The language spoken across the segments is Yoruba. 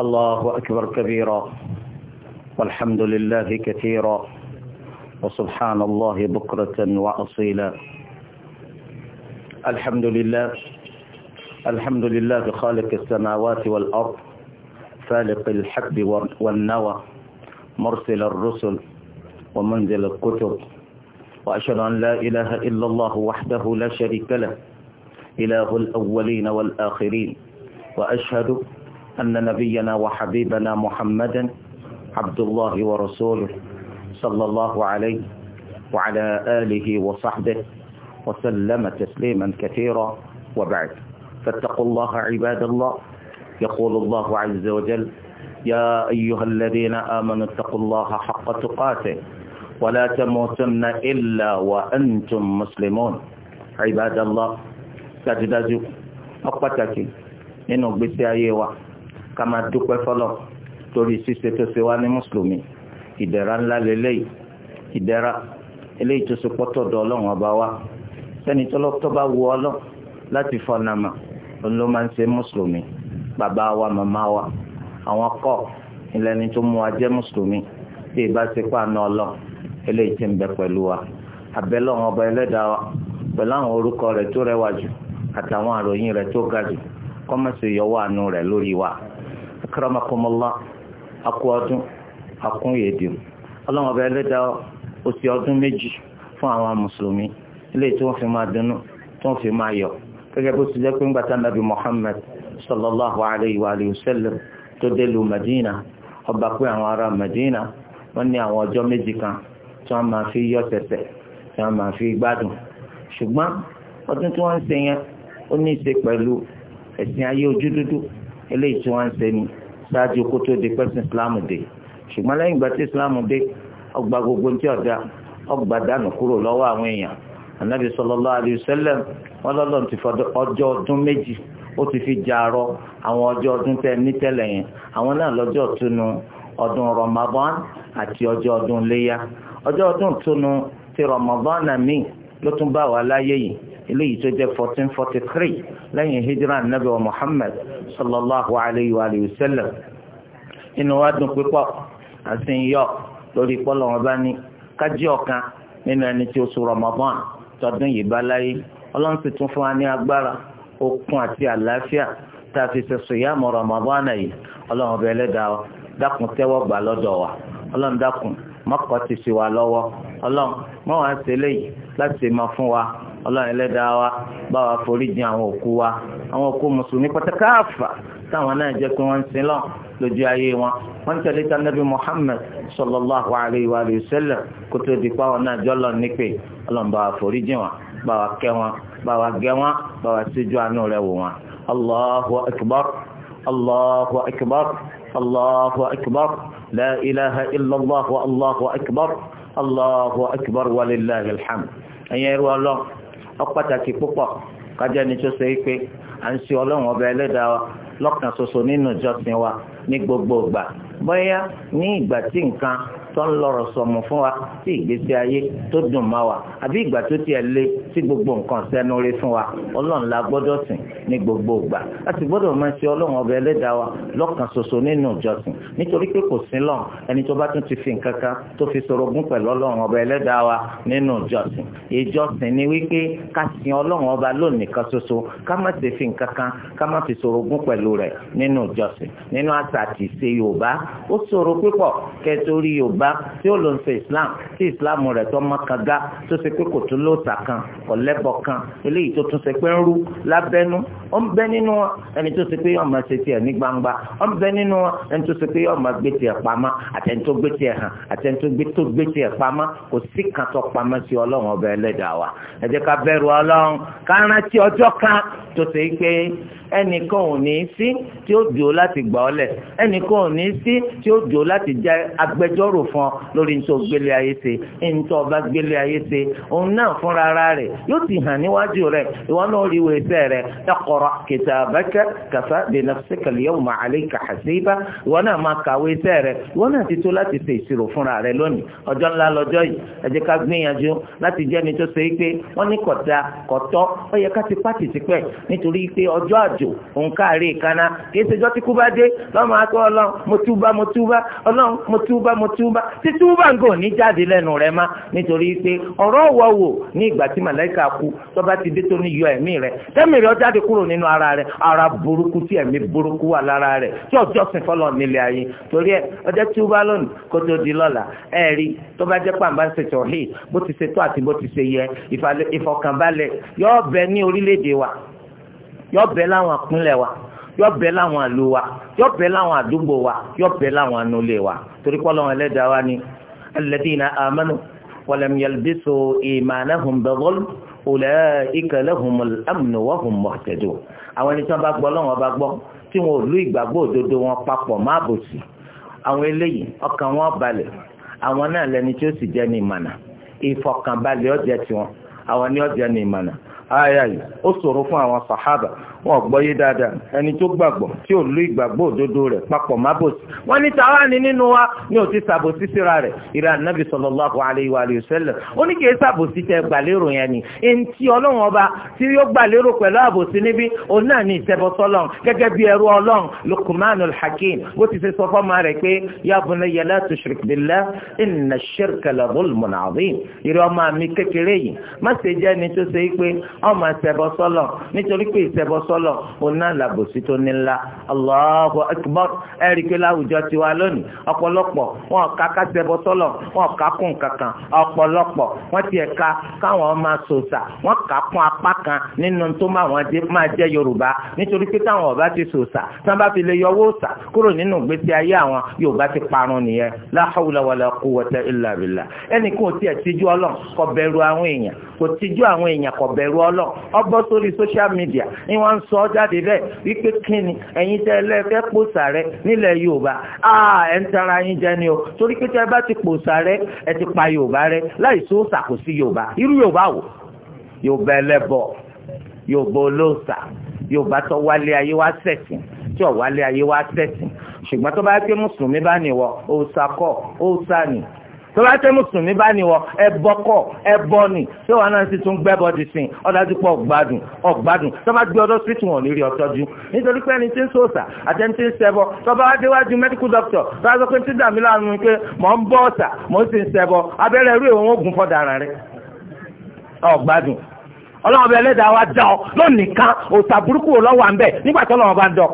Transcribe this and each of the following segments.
الله أكبر كبيرا والحمد لله كثيرا وسبحان الله بكرة وأصيلا الحمد لله الحمد لله خالق السماوات والأرض فالق الحب والنوى مرسل الرسل ومنزل الكتب وأشهد أن لا إله إلا الله وحده لا شريك له إله الأولين والآخرين وأشهد أن نبينا وحبيبنا محمدا عبد الله ورسوله صلى الله عليه وعلى آله وصحبه وسلم تسليما كثيرا وبعد فاتقوا الله عباد الله يقول الله عز وجل يا أيها الذين آمنوا اتقوا الله حق تقاته ولا تموتن إلا وأنتم مسلمون عباد الله تجدد أقتك إنه بسيئة kama máa dúpẹ́ fọlọ́ torí ṣíṣe tó ṣe wá ní mùsùlùmí ìdẹ̀ra ńlá lélẹ́yìí ìdẹ̀ra eléyìí tó ṣe pọ́tọ̀ dọ̀ ọlọ́run ọba wa sẹ́ni tọ́lọ́tọ́ bá wù ọlọ́ láti fọnàmà ló máa ń ṣe mùsùlùmí bàbá wa màmá wa àwọn kọ́ ìlẹ́ni tó mú wa jẹ́ mùsùlùmí tí ì bá ṣe pàánù ọlọ́ eléyìí ti ń bẹ pẹ̀lú wa abẹ́lọ́run ọba ẹlẹ́dàá wa pẹ̀lú àwọn orúkọ rẹ̀ tó rẹwà jù àtàwọn àròyìn rẹ̀ tó ga jù kọ́mọ̀sì yọwọ́ àánú rẹ̀ lórí wa akramakumullah akú ọdún akún yèdè ọlọ́run ọba ẹlẹ́dàá ó ti ọdún méjì fún àwọn mùsùlùmí eléyìí tí wọ́n fi máa dunnú tí wọ́n fi máa yọ̀ gẹ́gẹ́ bó ti jẹ́ pé ńgbà tán nàbì Muhammad sallallahu alayhi wa sallam tó dé lu Madina ọba pé àwọn ará Madina wọ́n ní àwọn ọjọ́ méjì kan tí wọ́n máa fi yọ̀ tẹ̀tẹ̀ tí wọ́n máa fi gbádùn ṣùgbọ́n ọdún tí wọ́n ń ṣe yẹn ó ní í pẹ̀lú ẹ̀sìn ayé ojú dúdú eléyìí tí wọ́n ń ṣe ni ṣáájú kó tó di pẹ́sìn ìsìláàmù dé ṣùgbọ́n lẹ́yìn ìgbà tí ìsìláàmù dé ọgbà gbogbo tí ọ̀dà ọgbà dànù kúrò lọ́wọ́ àwọn èèyàn ànábì sallallahu alayhi wa sallam wọn lọ́lọ́ ti fọdọ ọjọ́ ọdún méjì ó ti fi jaarọ àwọn ọjọ́ ọdún tẹ ní yẹn àwọn náà lọ́jọ́ ìtúnu ọdún Ramadan àti ọjọ́ ọdún léyà ọjọ́ ọdún ìtúnu ti Ramadan náà míì ló tún bá wà láyé yìí eléyìí tó jẹ́ fourteen forty three lẹ́yìn hijira nabi wa muhammad sallallahu alayhi wa sallam inú wa dùn pípọ̀ àti ń yọ̀ lórí pọ́lọ́ wọn bá ní kájí ọ̀kan nínú ẹni tí oṣù ramadan tọdún yìí bá láyé ọlọ́run sì tún fún wa ní agbára okun àti àlàáfíà tá a fi ṣe sòyàmù ramadan yìí ọlọ́run ọbẹ̀ ẹlẹ́dàá dákun tẹ́wọ́ gbà lọ́dọ̀ wa ọlọ́run dákun mọ́kọ́ ti sì wà lọ́wọ́ ọlọ́run mọ́ wá ṣe léyìí láti máa fún wa ọlọ́run ẹlẹ́dàá wa bá wa foríjì àwọn òkú wa àwọn òkú mùsùlùmí pátákáàfà táwọn náà jẹ́ pé wọ́n ń sin lọ́n lójú ayé wọn wọ́n ń tẹ̀lé tanabi Muhammad sallallahu alayhi wa sallam kó tó di pa wọn náà jọ́lọ́ nípè ọlọ́run bá wa foríjì wọn bá wa kẹ́ wọn bá wa gẹ́ wọn bá wa síjú àánú rẹ̀ wò wọn. Allahu akbar Allahu akbar Allahu akbar la ilaha illallah wa Allahu akbar Allahu akbar wa lillahi alhamd ẹ̀yin ẹ̀rọ ọlọ́run ó pàtàkì púpọ̀ kájẹ́ ni tó ṣe é pé à ń ṣe ọlọ́run ọba ẹlẹ́dàá wa lọ́kàn ṣoṣo nínú ìjọsìn wa ní gbogbo ìgbà bóyá ní ìgbà tí nǹkan tó ń lọ̀rọ̀ sọ̀mù fún wa sí ìgbésí ayé tó dùn mọ́ wa àbí ìgbà tó tiẹ̀ lé sí gbogbo nǹkan sẹ́nu rí fún wa ọlọ́run la gbọ́dọ̀ sìn ní gbogbo ìgbà a sì gbọ́dọ̀ máa ṣe ọlọ́run ọba ẹlẹ́dàá wa lọ́kàn ṣoṣo nínú ìjọsìn nítorí pé kò sí lọ́n ẹni tó bá tún ti fi nǹkan kan tó fi sorogún pẹ̀lú ọlọ́run ọba ẹlẹ́dàá wa nínú ìjọsìn ìjọsìn ni wípé ká sin ọlọ́run ọba lónìkan ṣoṣo ká má ṣe fi nǹkan kan ká má fi sorogún pẹ̀lú rẹ̀ nínú ìjọsìn nínú àṣà àti ìṣe yorùbá ó ṣòro pípọ̀ kẹ́ẹ́ yorùbá bàbá tí ó lò ń ṣe islam tí islam rẹ̀ tó mọ́kànga tó ṣe pé kò tún lóòótá kan ọ̀lẹ́bọ̀ kan eléyìí tó tún ṣe pé ń rú lábẹ́nú ó ń bẹ nínú ẹni tó ṣe pé yóò máa ṣe tiẹ̀ ní gbangba ó ń bẹ nínú ẹni tó ṣe pé yóò máa gbé tiẹ̀ pamọ́ àtẹni tó gbé tiẹ̀ hàn àtẹni tó gbé tó gbé tiẹ̀ pamọ́ kò sí kan tó pamọ́ sí ọlọ́run ọba ẹlẹ́dàá wa ẹ jẹ́ ká bẹ̀rù ọlọ́run ká rántí ọjọ́ kan tó ṣe pé ẹnìkan ò ní sí tí ó dùn láti gbà ọ́ lẹ̀ ẹnìkan ò ní sí tí ó dùn láti jẹ́ agbẹjọ́rò fún ọ lórí ní tó gbélé ayé ṣe ní tó ọba gbélé ayé ṣe òun náà fúnra ara rẹ̀ yóò ti hàn níwájú rẹ̀ ìwọ náà rí ìwé iṣẹ́ rẹ̀ ẹ̀kọ́rọ̀ kitabaka kafa bi nafsika al-yawma alayka hasiba ìwọ náà máa kàwé iṣẹ́ rẹ̀ ìwọ náà ti tó láti ṣe ìṣirò fúnra rẹ̀ lónìí ọjọ́ ńlá lọ́jọ́ yìí ẹ jẹ́ ká gbìyànjú láti jẹ́ ni tó ṣe é pé wọ́n ní kọ̀tà kọ̀tọ́ ó yẹ ká ti pàtì tipẹ́ nítorí pé ọjọ́ àjò òun káàrí ìkaná kì í ṣe jọ́ tí kú bá dé lọ́mọ akọ́ ọlọ́run mo túbá mo túbá ọlọ́run mo túbá mo túb túbá tí túbá ń gò ní jáde lẹ́nu rẹ̀ má nítorí pé ọ̀rọ̀ wọ̀ wò ní ìgbà tí màláìka kú tó bá ti dé tó ní yọ ẹ̀mí rẹ̀ tẹ́mi rẹ̀ jáde kúrò nínú ara rẹ̀ ara burúkú tí ẹ̀mí burúkú wà lára rẹ̀ tí ọjọ́ sìn fọlọ́ nílé ayé torí ẹ ọjọ́ túbá lónìí kó tó di lọ́la ẹ rí tó bá jẹ́ pàǹbá ń ṣètò hì bó ti ṣe tó àti bó ti ṣe yẹ ìfọkànbalẹ̀ yọ ọbẹ̀ ní orílẹ̀-èdè wa yọ ọbẹ̀ láwọn àpínlẹ̀ wa yọ bẹ láwọn àlò wa yọ bẹ láwọn àdúgbò wa yọ bẹ láwọn anulè wa torí pé Ọlọ́run ẹlẹ́dàá wa ni alladhina amanu walam yalbisu imanahum bidhulm ulaika lahumul amnu wa hum muhtadun àwọn ẹni tí wọ́n bá gbọ́ Ọlọ́run ọba gbọ́ tí wọn ò lú ìgbàgbọ́ òdodo wọn papọ̀ má bòsì àwọn eléyìí ọkàn wọn balẹ̀ àwọn náà lẹni tí ó sì jẹ́ ní ìmànà ìfọkànbalẹ̀ ó tiwọn àwọn ni ó ní ìmànà ayáyí ó ṣòro fún àwọn sàhábà wọn ò gbọ́ yé dáadáa ẹni tó gbàgbọ́ tí ò lu ìgbàgbọ́ òdodo rẹ̀ papọ̀ má bòsí wọ́n ní tàwa ni nínú wa ni ò ti sàbòsí síra rẹ̀ ìrẹ́ ànábì sallallahu alayhi wa sallam ó ní kì í sàbòsí tẹ gbàlérò yẹn ni ẹni tí ọlọ́run ọba tí yóò gbàlérò pẹ̀lú àbòsí níbi òun náà ní ìṣẹ́bọ sọ́lọ́n gẹ́gẹ́ bí ẹrú ọlọ́run Luqmanul Hakim bó ti sọ́lọ̀ òun náà làbòsí tó ní ńlá Allahu akbar ẹ̀rí pé láwùjọ tiwa lónìí ọ̀pọ̀lọpọ̀ wọn ká kásẹ̀bọ sọ́lọ̀ wọn ká kún kankan ọ̀pọ̀lọpọ̀ wọn tiẹ̀ ká káwọn máa sòsà wọn ká kún apá kan nínú tó máa jẹ yorùbá nítorí pé táwọn ọba ti sòsà tí wọn bá fi lè yọwọ́ òsà kúrò nínú ìgbésí ayé àwọn yorùbá ti parun nìyẹn la hawla wala quwwata illa billah ẹnì kò tiẹ̀ tijú ọlọ́n kò bẹ̀rù àwọn èèyàn kò tijú àwọn èèyàn kò bẹ̀rù ọlọ́n ọbọ̀ sórí social media ni wọ́n ń sọ jáde bẹ́ẹ̀ wípé kíni ẹ̀yin tẹ́ ẹlẹ́fẹ́ pòsà rẹ nílẹ̀ yorùbá ah ẹ̀ ń tara yín jẹ ni o torí pé tẹ́ bá ti pòsà rẹ ẹ ti pa yorùbá rẹ láì sóòsà kò sí yorùbá irú yorùbá wò yorùbá ẹlẹ́bọ yorùbá olóòṣà yorùbá tó wálé ayé wá ṣẹ̀sìn tí ò wálé ayé wá ṣẹ̀sìn ṣùgbọ́n tó bá yẹ pé mùsùlùmí bá nìwọ òòṣà kọ́ òòṣà nì tó bá tẹ mùsùlùmí bá ní wọ ẹbọ kọ ẹbọ ni tí wọn náà sì tún gbẹbọ di sìn ọdájú pọ ọgbádùn ọgbádùn tó bá gbé ọdọ síìtì wọn nírí ọtọjú nítorí pé ẹni tí ń sòòsà àti ẹni tí ń ṣẹbọ tó bá déwájú medical doctor tó bá sọ pé tí dàmí láàánú pé mò ń bọ ọ̀sà mò ń sì ń ṣẹbọ abẹ́rẹ́ irú ọ̀gbádùn ọlọ́run bẹ lẹ́dàá wa dá ọ lónìí kan òòtà burúkú ò lọ́wọ́ à ń bẹ̀ nígbà tó lọ́wọ́ bá ń dọ̀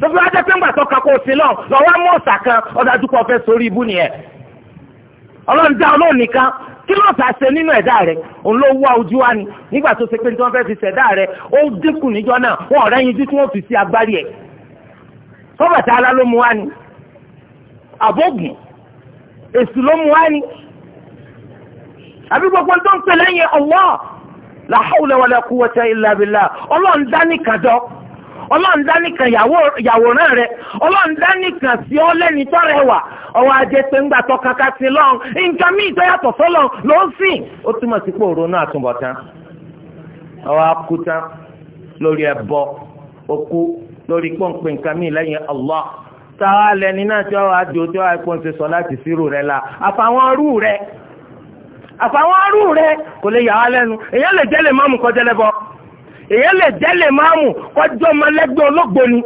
sọfún wa jẹ́pẹ́ ńgbà tó ka kó o sí lọ lọ́wọ́ mú ọ̀sà kan ọ̀dà dúpọ̀ fẹ́ sórí ibú nìyẹn ọlọ́run dá ọ lónìí kan kí ló sà ṣe nínú ẹ̀dá rẹ̀ òun ló wá ojú wa ni nígbà tó ṣe pé tí wọ́n fẹ́ fi ṣẹ̀dá rẹ̀ ó dínkù níjọ náà wọn ọ̀rẹ́ yin tí wọ́n fi sí agbárí ẹ̀ sọ́bàtà alá ló àbí gbogbo tó ń pè lẹ́yìn Allah la hawla wala quwwata illa billah ọlọ́run dá dọ́ ọlọ́run rẹ ọlọ́run ndanika sí ọ lẹ́ni tó rẹwà ọwọ́ ajé pé ńgbà tó kankan sí lọ́n nǹkan míì tó yàtọ̀ sọ́lọ́ ló ń sìn ó túmọ̀ sí ọwọ́ lórí ẹ̀bọ okú lórí pọ́ǹpẹ́ nǹkan míì lẹ́yìn táwa lẹni náà tí rẹ la àfàwọn rú rẹ. àfàwọn arú rẹ kò lè yà á lẹ́nu èyàn lè jẹ́ lè máàmù kọjá lẹ́bọ èyàn lè jẹ́ lè máàmù kọjọ́ ọmọlẹ́gbẹ́ olóògbé ni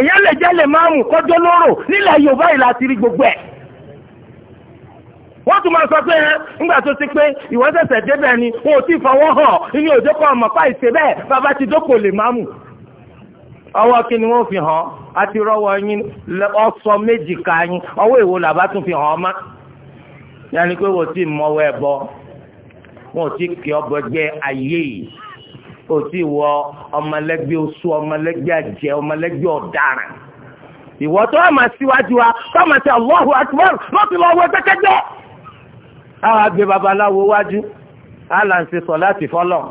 èyàn lè jẹ́ lè kọjọ́ lóró nílẹ̀ Yorùbá ìlà rí gbogbo ẹ̀ wọ́n tún máa sọ pé ẹ ńgbà tó ti pé ni wọn ò tí fọwọ́ hàn inú ọmọ bẹ́ẹ̀ bàbá ti dókòó lè máa ni wọ́n fi hàn á ti rọ́wọ́ yín ọ̀sọ́ yanni pé wò tí mọ́wọ́ ẹ bọ́ wò tí kì ọ́ bọ́gbẹ́ ayé yìí wò tí wọ ọmọlẹ́gbẹ́ oṣù ọmọlẹ́gbẹ́ àjẹ́ ọmọlẹ́gbẹ́ ọ̀daràn ìwọ tó ọmọ síwájú wa tó ọmọ sí Allahu Akbar lọ́ọ̀tì lọ́wọ́ jẹ́kẹ́jẹ́ àwọn àgbẹ̀ babaláwo wájú àlàǹsì sọ láti fọlọ́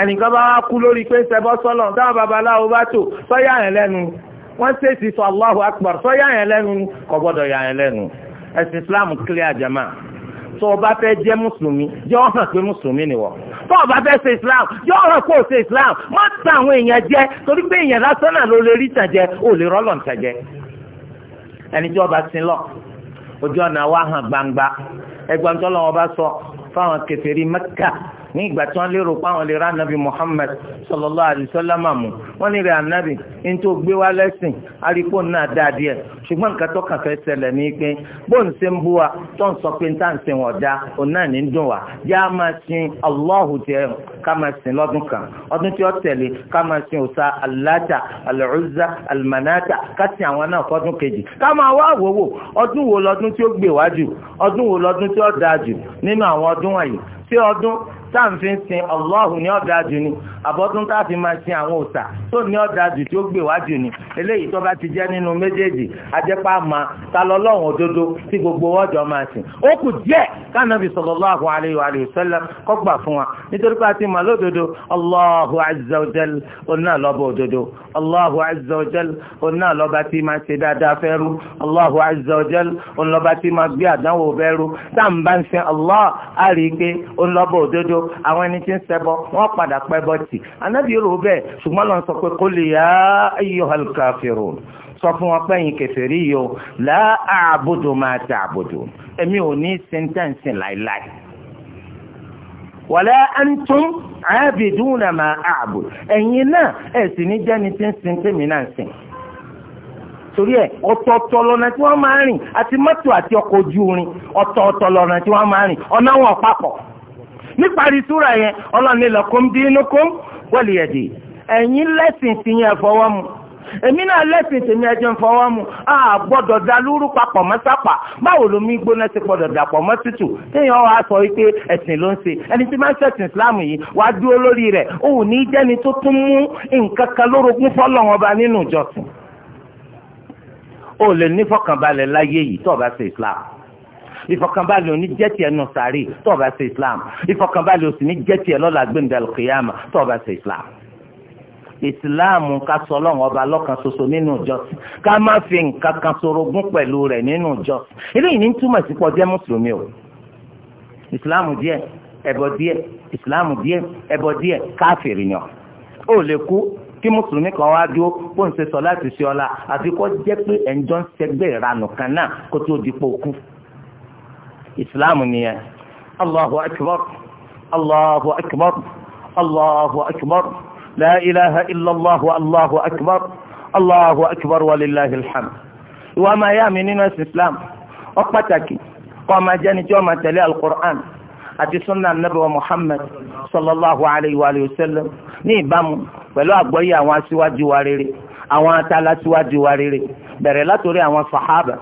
ẹnìkan bá wá kú lórí pé ṣẹbọ sọlọ táwọn babaláwo bá tò sọ yà yẹn lẹ́nu wọ́n ṣèṣì sọ Allahu Akbar sọ yà yẹn lẹ́nu kò gbọ́dọ̀ yà yẹn lẹ́nu ẹ̀sìn islam kílẹ̀ àjàmà tó o bá fẹ́ jẹ́ mùsùlùmí jẹ́ ọ hàn pé mùsùlùmí ni wọ́ tó o bá fẹ́ ṣe islam jẹ́ ọ hàn pé o ṣe islam má ta àwọn èèyàn jẹ torí pé èèyàn lásán náà ló lè rí tàn jẹ ó lè rọ́lọ̀ tàn jẹ ẹni tí wọ́n bá sin lọ ojú ọ̀nà wa hàn gbangba ẹgbàá tó lọ́wọ́ bá sọ fáwọn kèfèrí Mẹ́kà ní ìgbà tí lérò pé àwọn anabi Muhammad sọlọlọ alayhi mú lè anabi ní tó gbé wá lẹ́sìn arípò náà dáa díẹ̀ nǹkan tó kàn ní pé bóun ṣe ń bú wa tó ń sọ pé ń tàn wọn wọ̀n dá òun náà ní dùn wá yá máa sin Allahu jẹ ká máa sin lọ́dún kan ọdún tí ó tẹ̀lé ká máa sin òsa aláta ká sin àwọn náà fọ́dún kejì ká máa wá ọdún wo lọ́dún tí ó ọdún táàfin sin Allahu ní ọ̀dà jù ni àbọ̀tún táàfin máa sin àwọn òòṣà tó ní ọ̀dà jù tí ó gbè wá jù ni eléyìí tó bá ti jẹ́ nínú méjèèjì ajẹ́pá ma ta lọ́lọ́run òdodo tí gbogbo ọjọ́ máa sìn ó kù díẹ̀ kánàbì sallallahu alayhi wa sallam kó gbà fún wa nítorí pé a ti mà lódodo Allahu azza wa jal òdodo Allahu azza wa jal tí máa ṣe dáadáa fẹ́rú Allahu azza wa jal oná tí máa gbé àdánwò bẹ́rú táà ń bá ń sin Allah á rí i òdodo àwọn ẹni tí ń ṣẹbọ wọ́n padà pẹbọ tì anábì rò bẹ́ẹ̀ ṣùgbọ́n lọ sọ pé qul ya ayyuhal kafirun sọ fún wọn pẹ́yìn kèfèrí yìí o la a'budu ma ta'budu èmi ò ní sentence láìláì wàlẹ́ ẹ̀ńtún àábìdún náà máa ààbò ẹ̀yin náà ẹ̀ sì ní jẹ́ni tí ń sin tèmi náà ń sìn. torí ẹ̀ ọ̀tọ̀ọ̀tọ̀ lọ́nà tí wọ́n máa rìn àti mọ́tò àti ọkọ̀ ojú irin ọ̀tọ̀ọ̀tọ̀ lọ́nà tí wọ́n máa rìn ọ̀nà wọn papọ̀ níparí súra yẹn ọlọ́run ní lakum dinukum waliyadi ẹ̀yin lẹ́sìn ti yẹn fọwọ́ mu èmi náà lẹ́sìn tèmi ẹjẹ́ ń fọwọ́ mu a gbọ́dọ̀ da lúrú papọ̀ mọ́sápà báwo ló mi gbóná ti gbọ́dọ̀ dàpọ̀ mọ́ tútù téèyàn wá sọ wípé ẹ̀sìn ló ń ṣe ẹni tí máa ń ṣẹ̀sìn Islam yìí wàá dúró lórí rẹ̀ òun ní jẹ́ni tó tún mú nǹkan kan lórogún fọ́lọ́wọn ba nínú ìjọsìn o lè nífọ̀kànbalẹ̀ láyé yìí tó o bá ṣe Islam ìfọkànbalẹ̀ ò ní jẹ́ tiẹ̀ nù sàárì tó o bá ṣe islam ìfọkànbalẹ̀ ò sì ní jẹ́ tiẹ̀ lọ́la gbẹ̀ndàlù kìyàmà tó o bá ṣe islam ìsìláàmù ká sọ ọlọ́run ọba lọ́kan ṣoṣo nínú ìjọsìn ká má fi nǹkan kan sorogún pẹ̀lú rẹ̀ nínú ìjọsìn eléyìí ní túmọ̀ sí pọ̀ jẹ́ mùsùlùmí o ìsìláàmù díẹ̀ ẹbọ díẹ̀ ìsìláàmù díẹ̀ ẹbọ díẹ̀ káfìrì yàn ó lè kú kí mùsùlùmí kan wá dúró kó n ṣe sọ láti ṣe ọlá àfi kó jẹ́ pé ẹ̀ńjọ́ ń ṣẹgbẹ́ ìranù kan náà kó tó di pò kú islam nìyẹn الله akbar الله akbar الله akbar لا ilaha illallah الله. الله akbar الله akbar ولله الحمد. وما ìwà máa yá mi nínú ẹ̀sìn islam ó pàtàkì kọ́ máa jẹ́ni tí ó máa tẹ̀lé alukur'an àti sunna anabi wa muhammad sallallahu alayhi wa sallam ní ìbámu pẹ̀lú àgbọ́yé àwọn aṣíwájú wa rere àwọn atala aṣíwájú wa rere bẹ̀rẹ̀ látòrí àwọn sahaba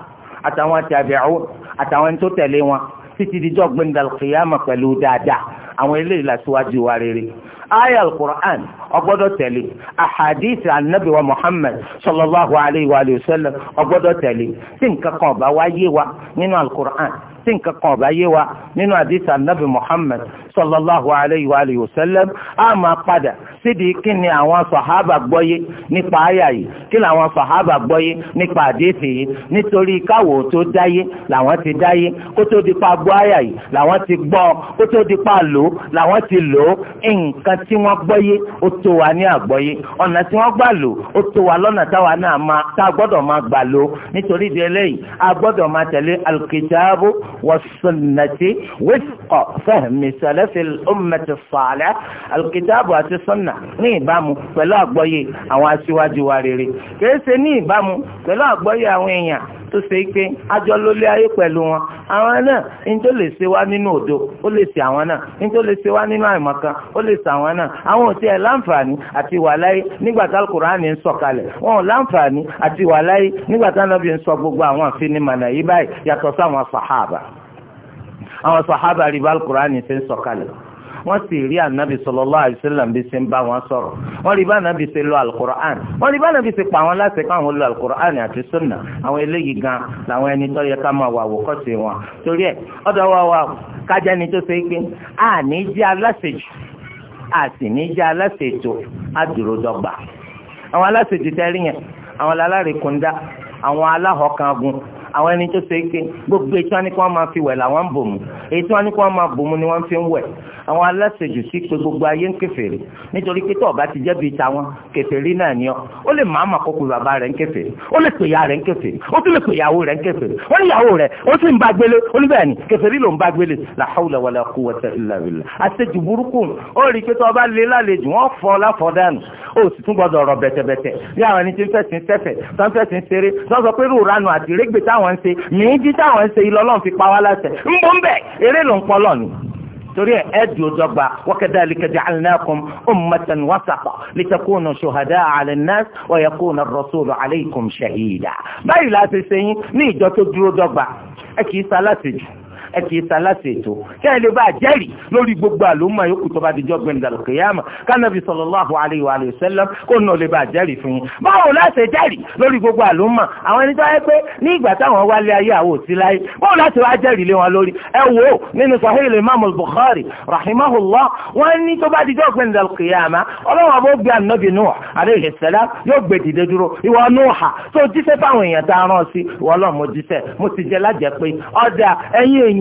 àtàwọn tabi'un àtàwọn ẹni tó tẹ̀lé wọn títí dijọ́ gbẹndàlùkìyàmà pẹ̀lú dáadáa àwọn eléyìí la síwájú wa rere aya al-Qur'an ọgbọ́dọ̀ tẹ̀lé ahadith anabi wa Muhammad sallallahu alayhi wa sallam ọgbọ́dọ̀ tẹ̀lé tí nǹkan kan ọba wa yé wa nínú al-Qur'an tí nǹkan kan ọba yé wa nínú hadith anabi Muhammad sallallahu alayhi wa sallam a máa padà síbi kí ni àwọn sàhábà gbọ́yé nípa àyà yìí kí làwọn sàhábà gbọ́yé nípa àdéhìí yìí nítorí káwò tó dáyé làwọn ti dáyé kó tó di pa gbọ́ àyà yìí làwọn ti gbọ́ kó tó di pa lò làwọn ti lò nǹkan tí wọ́n gbọ́yé ó tó wa ní àgbọ́yé ọ̀nà tí wọ́n gbà lò ó tó wa lọ́nà táwa náà máa tá a gbọ́dọ̀ máa gbà lò nítorí di eléyìí a gbọ́dọ̀ máa tẹ̀lé alkitabu wasunnati wifqa fahmi salafil ummati salih alkitabu àti sunna àṣà ní ìbámu pẹ̀lú àgbọ́yé àwọn aṣíwájú wa rere kìí ṣe ní ìbámu pẹ̀lú àgbọ́yé àwọn èèyàn tó ṣe pé ajọ ló lé ayé pẹ̀lú wọn àwọn náà ní tó lè ṣe wá nínú òdo ó lè ṣe àwọn náà ní tó lè ṣe wá nínú àìmọ̀kan ó lè ṣe àwọn náà àwọn ò tiẹ̀ láǹfààní àti wà láyé nígbà tá al ń sọ̀kalẹ̀ wọn ò láǹfààní wọ́n sì rí ànábì sallallahu alaihi wasallam bí ṣe ń bá wọn sọ̀rọ̀ wọ́n rí bá ànábì ṣe lo alukur'an wọ́n rí bá ànábì ṣe pa àwọn láti pa àwọn lo alukur'an àti sunna àwọn eléyìí gan làwọn ẹni tó yẹ ká máa wà wò kọ́ sí wọn torí ẹ̀ ọ̀dọ̀ wa wa kájá ni tó ṣe pé àní jẹ́ aláṣejù àti ní jẹ́ aláṣejù àdúródọ́gba àwọn aláṣejù tẹ́rí yẹn àwọn alárèkúndá àwọn aláhọ̀kangun àwọn ẹni tó ṣe pé gbogbo ètò àníkàn máa fi wẹ̀ làwọn ń bò mú ètò àníkàn máa bò ni wọ́n fi ń wẹ̀ àwọn aláṣejù sí pé gbogbo ayé ń kèfèrí nítorí pé tó ọba ti jẹ́bi tàwọn kèfèrí náà ni ọ ó lè máa mà kókò bàbá rẹ̀ ń kèfèrí ó lè pè ya rẹ̀ ń kèfèrí ó tún lè pè ìyàwó rẹ̀ ń kèfèrí ó ní ìyàwó rẹ̀ ó sì ń bá gbélé ó ní bẹ́ẹ̀ ni kèfèrí ló ń bá gbélé la hawla wala quwwata illa billah àṣejù burúkú ó rí i pé tó ọba lé lálejò wọ́n fọ́ láfọ́ dànù ó sì tún gbọ́dọ̀ ọ̀rọ̀ bẹ̀tẹ̀bẹ̀tẹ̀ bí àwọn ẹni tí ń fẹ̀sìn sẹ́fẹ̀ tó ń fẹ̀sìn ṣeré tó ń sọ pé rúuranu àti rẹ́gbẹ̀ táwọn ń ṣe mìíjì táwọn ń ṣe ilé fi pa wá láṣẹ ń bọ́ ń bẹ̀ eré ló ń pọ́ lọ́ọ̀nù تريع أديو جبا وكذلك جعلناكم أمة وسطة لتكونوا شهداء على الناس ويكون الرسول عليكم شهيدا بايلاتي سين نيجو تجرو جبا أكي سالاتي جبا ẹ kì í sálásì ètò kí ẹ lè bá jẹ́rìí lórí gbogbo àlòmọ́ yòókù tó bá di jọ́ gbẹ̀ndà lókè yàmà kánàbì sallallahu alayhi wa sallam kó nà lè bá jẹ́rìí fún yín báwo láti jẹ́rìí lórí gbogbo àlòmọ́ àwọn ẹni tó yẹ pé ní ìgbà táwọn wálé ayé àwọn òsì láyé báwo láti wá jẹ́rìí lé wọn lórí ẹ wò ó nínú sahih imaamu bukhari rahimahullah wọn ní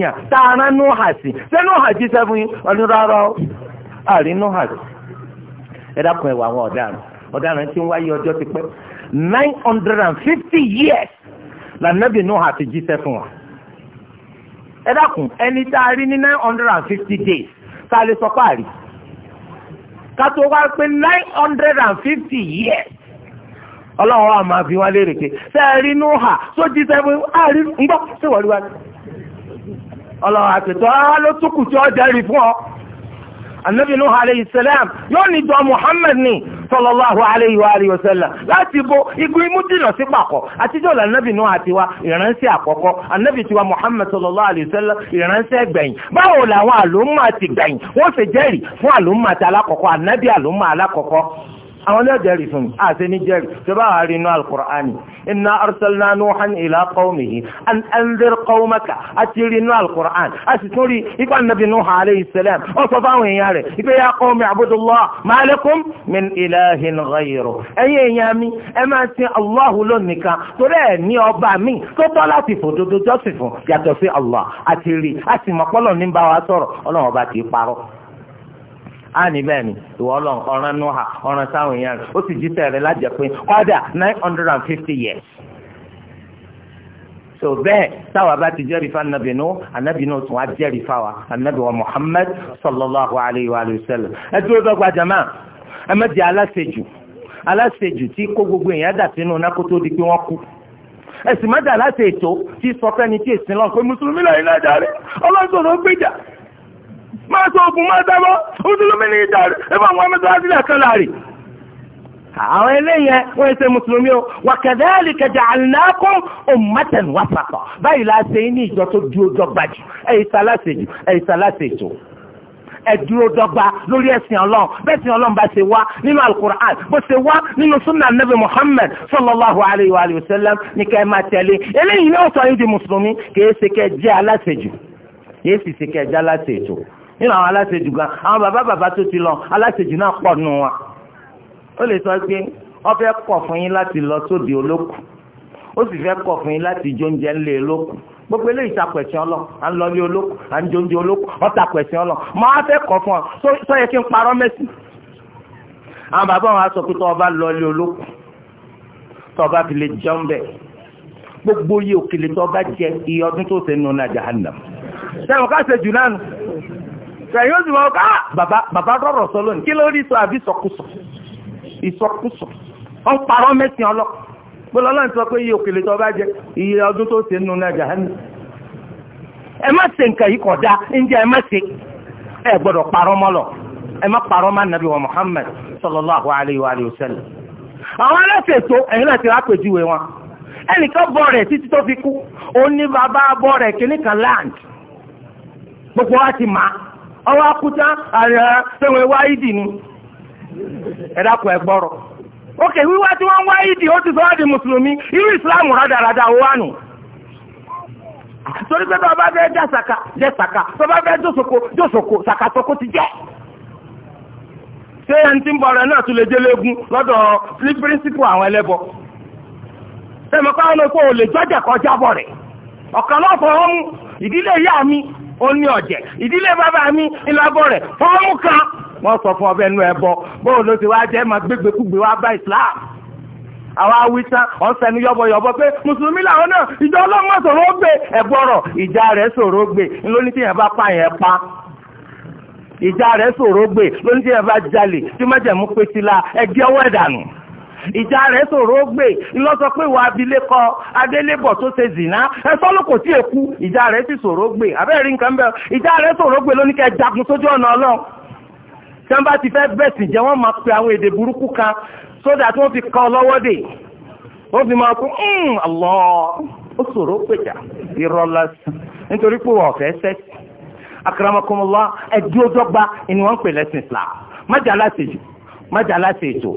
èèyàn tààrà nóhà sí sẹ́nu hà sí sẹ́fún yín ọdún rárá ó àrí nóhà sí. ẹ dákun ẹ̀wọ̀ àwọn ọ̀daràn ọ̀daràn tí ń wáyé ọjọ́ ti pẹ́ nine hundred and fifty years lànàbì nóhà ti jí sẹ́fún wa. ẹ dákun ẹni tá a rí ní nine hundred and fifty days tá a lè sọ páàrí kátó wá pé nine hundred and fifty years ọlọ́run wa máa fi wá lérè pé sẹ́ẹ̀rí nù hà sójú sẹ́fún àárín ń gbọ́ síwọ́lúwájú ọlọ́run àtẹ̀tọ́ á ah, ló túkù tí ó jẹ́rìí fún ọ anabi nuhu alayhi salam yóò ní jọ muhammed ni sallallahu alayhi wa alayhi wa sallam láti bo igun imú jìnnà sí pàkọ àtijọ́ la anabi nuhu àti wa ìránṣẹ́ àkọ́kọ́ anabi tiwa muhammed sallallahu alayhi wa sallam ìránṣẹ́ gbẹ̀yìn báwo làwọn àlùmọ́ àti gbẹ̀yìn wọ́n ṣe jẹ́rìí fún àlùmọ́ àti alákọ̀ọ́kọ́ anabi àlùmọ́ alákọ̀ọ́kọ́ àwọn lè jẹ́rìí fún mi àti ní jẹ́rìí tó bá rí inú alkùránì iná arsalna nuhan ila qawmihi an anzir qawmaka a ti rí inú alkùránì a sì tún rí ipa nabi nuhan alayhi salam ó sọ fáwọn èèyàn rẹ̀ ipe ya qawmi abudullah malakum min ilahin ghayru ẹ̀yin èèyàn mi ẹ máa sin allah lónìí kan torí ní ọba mi tó tọ́ á ní bẹ́ẹ̀ ni ìwọ lọ ọ̀ràn nuha ọ̀ràn sáwọn èèyàn rẹ̀ ó sì jí tẹ̀rẹ̀ lájẹ̀ pé kọ́dà nine hundred and fifty years. so bẹ́ẹ̀ táwa bá ti jẹ́rìí fáwọn anabi nù anabi nù tún á jẹ́rìí fáwa anabi wa muhammad sallallahu alayhi wa sallam ẹ dúró dọ́gba jama ẹ má di aláṣejù aláṣejù tí kó gbogbo èèyàn dà sínú nákótó di pé wọ́n kú ẹ̀sìn má dà láti ètò tí sọ fẹ́ni tí èsìn lọ pé mùsùlùmí lọ́yìn náà darí ọlọ́sọ̀rọ̀ gbéjà máa sọ ògùn máa dábọ́ mùsùlùmí ní ìjà rẹ̀ ẹ bá wọn mẹ́sàlásí lẹ́ẹ̀kan láàrin. àwọn eléyẹ wọ́n ṣe mùsùlùmí o wa kadhalika ja'alnakum ummatan wasata báyìí la ṣe ní ìjọ tó dúró dọ́gba jù ẹ̀yìn sálásèjù ẹ̀yìn sálásèjù ẹ dúró dọ́gba lórí ẹ̀sìn ọlọ́run bẹ́sìn ọlọ́run bá ṣe wá nínú alukur'an bó ṣe wá nínú sunna nabi muhammed sallallahu alayhi wa sallam ní ká ẹ máa tẹ̀lé eléyìí ni ó sọ yín di mùsùlùmí kì í ṣe kẹ́ jẹ́ aláṣejù kì í sì ṣe kẹ́ jẹ́ aláṣejù nínú àwọn aláṣejù gan àwọn bàbá bàbá tó ti lọ aláṣejù náà pọ̀ nù wọn. ó lè sọ pé wọ́n fẹ́ kọ̀ fún yín láti lọ sóde olókù ó sì fẹ́ kọ̀ fún yín láti jóúnjẹ ńlẹ̀ olókù gbogbo eléyìí takpẹ̀sìn ọlọ à ń lọlé olóko à ń jòǹde olóko wọ́n takpẹ̀sìn ọlọ mọ afẹ́ kọ̀ fún ọ sọ yẹ kí n parọ́ mẹ́sì. àwọn bàbá wọn aṣọ pé tọ́ọ̀bá lọlé olóko tọ́ọ̀bá fi lè jẹun bẹ́ẹ̀ gbogbo yìí òkèlè tọ́ọ̀bá jẹ iye ọdún tó ṣe nù náà jahannam. sẹ́wọ̀n ká ṣe jù náà nù. sẹ̀yìn sì ká bàbá bàbá rọ̀rọ̀ sọ lónìí kí ló rí sọ àbí ìsọkúsọ ìsọkúsọ sọ pé iye òkèlè tó bá jẹ iye ọdún tó ṣe nínú náà ẹ má ṣe nǹkan yìí ẹ má ṣe ẹ gbọdọ parọ́ lọ ẹ má parọ́ má nàbí wa wa àwọn aláṣẹ láti wọn ẹnìkan fi kú ó ní bàbá kíníkan gbogbo ti máa ọwọ́ akúta àrẹ tẹ̀wọ̀n wá ìdì ni ẹ̀dàkùn ẹ̀gbọ́rọ̀ ok wíwá tí wọ́n wá ìdì ó ti sọ di mùsùlùmí irú islamu rádaràdà torí pé tọ́ba fẹ́ sàkà jẹ́ sàkà tọ́ba fẹ́ jósòkò sàkà sàkàtọ́kò ti jẹ́ ṣé tí ń bọ̀ rẹ̀ náà tún lè lọ́dọ̀ kọjá bọ̀ rẹ̀ ọ̀kan náà ìdílé mi ó ní ọ̀jẹ̀ ìdílé bàbá mi ìlọ́bọ̀ rẹ̀ fọ́ọ̀mù kan wọ́n sọ fún ọbẹ̀ nú ẹbọ bóun ló ti wá jẹ́ máa gbégbékúgbé wá bá Islam àwa awisa ọ̀sẹ̀ni yọ̀bọ̀yọ̀bọ̀ pé mùsùlùmí làwọn náà ìjọ ọlọ́mọ sọ̀rọ̀ ó gbé ẹ̀bọ̀rọ̀ ìjà rẹ̀ sọ̀rọ̀ ó gbé ńlóní tí yẹn bá pa yẹn pa ìjà rẹ̀ sọ̀rọ̀ ó gbé lóní tí yẹn bá jalè tí májẹ̀mú pé sí la ẹgbẹ́ ọwọ́ ẹ̀dànù. ìjà rẹ̀ sọ̀rọ̀ ó gbè ńlọ́sọ pé ìwà abilékọ adélébọ̀ tó ṣe zìnà ẹ̀fọ́ ló kò tí èkú ìjà rẹ̀ sì sọ̀rọ̀ ó gbè àbẹ́rẹ́ rí nǹkan bẹ́ẹ̀ ìjà rẹ̀ sọ̀rọ̀ gbè lónìí jagun sójú ọ̀nà ọlọ́run tí ti fẹ́ bẹ̀sìn jẹ́ wọ́n máa pe àwọn èdè burúkú kan sódà tí wọ́n fi kọ́ lọ́wọ́ dè ó fi máa kú hmm, Allah ó sọ̀rọ̀ ó pèjà nítorí pé wọ́n fẹ́ sẹ́sì akramakumullah ẹ̀dúródọ́gba ni pè lẹ́sìn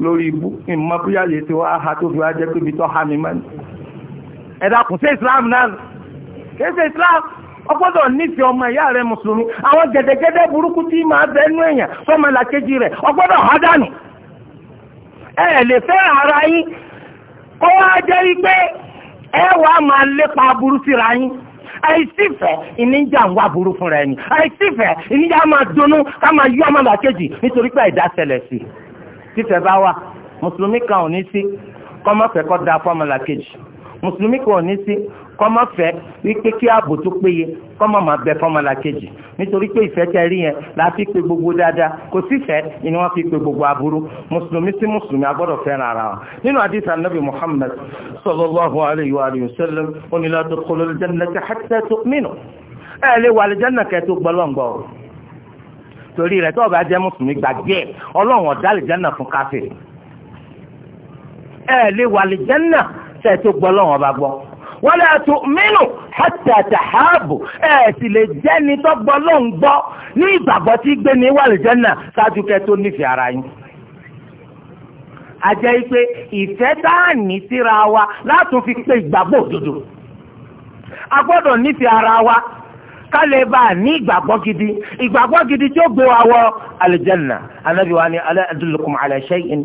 lórí ibú ìmọ̀ bóyá yìí ti wá ha tó fi wá jẹ́ pé ibi tó ha islam náà islam ọgbọ́dọ̀ ọmọ ìyá rẹ àwọn gẹ̀dẹ̀gẹ̀dẹ̀ burúkú tí èèyàn làkejì rẹ ọgbọ́dọ̀ àìsífẹ́ ìníjà ń burú àìsífẹ́ ìníjà máa ká máa ọmọ làkejì nítorí pé títẹ̀ bá wà mùsùlùmí kan ò ní sí kọ́mọ́fẹ́ kọ́ da fọ́mọlà kejì mùsùlùmí kan ò ní sí kọ́mọ́fẹ́ wípé kí ààbò tó péye kọ́mọ́ máa bẹ fọ́mọlà kejì nítorí pé ìfẹ́ tẹ rí yẹn la fi pe gbogbo dáadáa kò sífẹ́ ni wọ́n fi pe gbogbo aburú mùsùlùmí sí mùsùlùmí agbọ́dọ̀ fẹ́ràn ara wa nínú àdìsá nàbì Muhammad sallallahu alayhi wa sallam onílàdókòló jannata hatta tu'minu ẹ̀ lè wà lè jannata kẹ́ẹ́ tó gbọ́lọ́ngbọ́ torí rẹ̀ tó o bá jẹ́ mùsùlùmí gbàgbé ẹ̀ ọlọ́run ọ̀dá àlìjánà fún káfíìn ẹ̀ lè wà àlìjánà tẹ̀ tó gbọ́ ọlọ́run ọba gbọ́ wala tu'minu hatta tahabu ẹ̀ sì lè jẹ́ni tó gbọ́ ọlọ́run gbọ́ ní ìgbàgbọ́ tí gbé ní wà àlìjánà ṣáájú kẹ́ tó nífẹ̀ẹ́ ara yín àjẹ́ ipe ìfẹ́ tá a ní síra wa látún fi pé ìgbàgbọ́ òdodo a gbọ́dọ̀ nífẹ̀ẹ́ ara wa kálẹ̀ bá a ní ìgbàgbọ́ gidi ìgbàgbọ́ gidi tí ó gbé wa wọ alìjẹ́nà anábì wa ni ala adullukum ala shay'in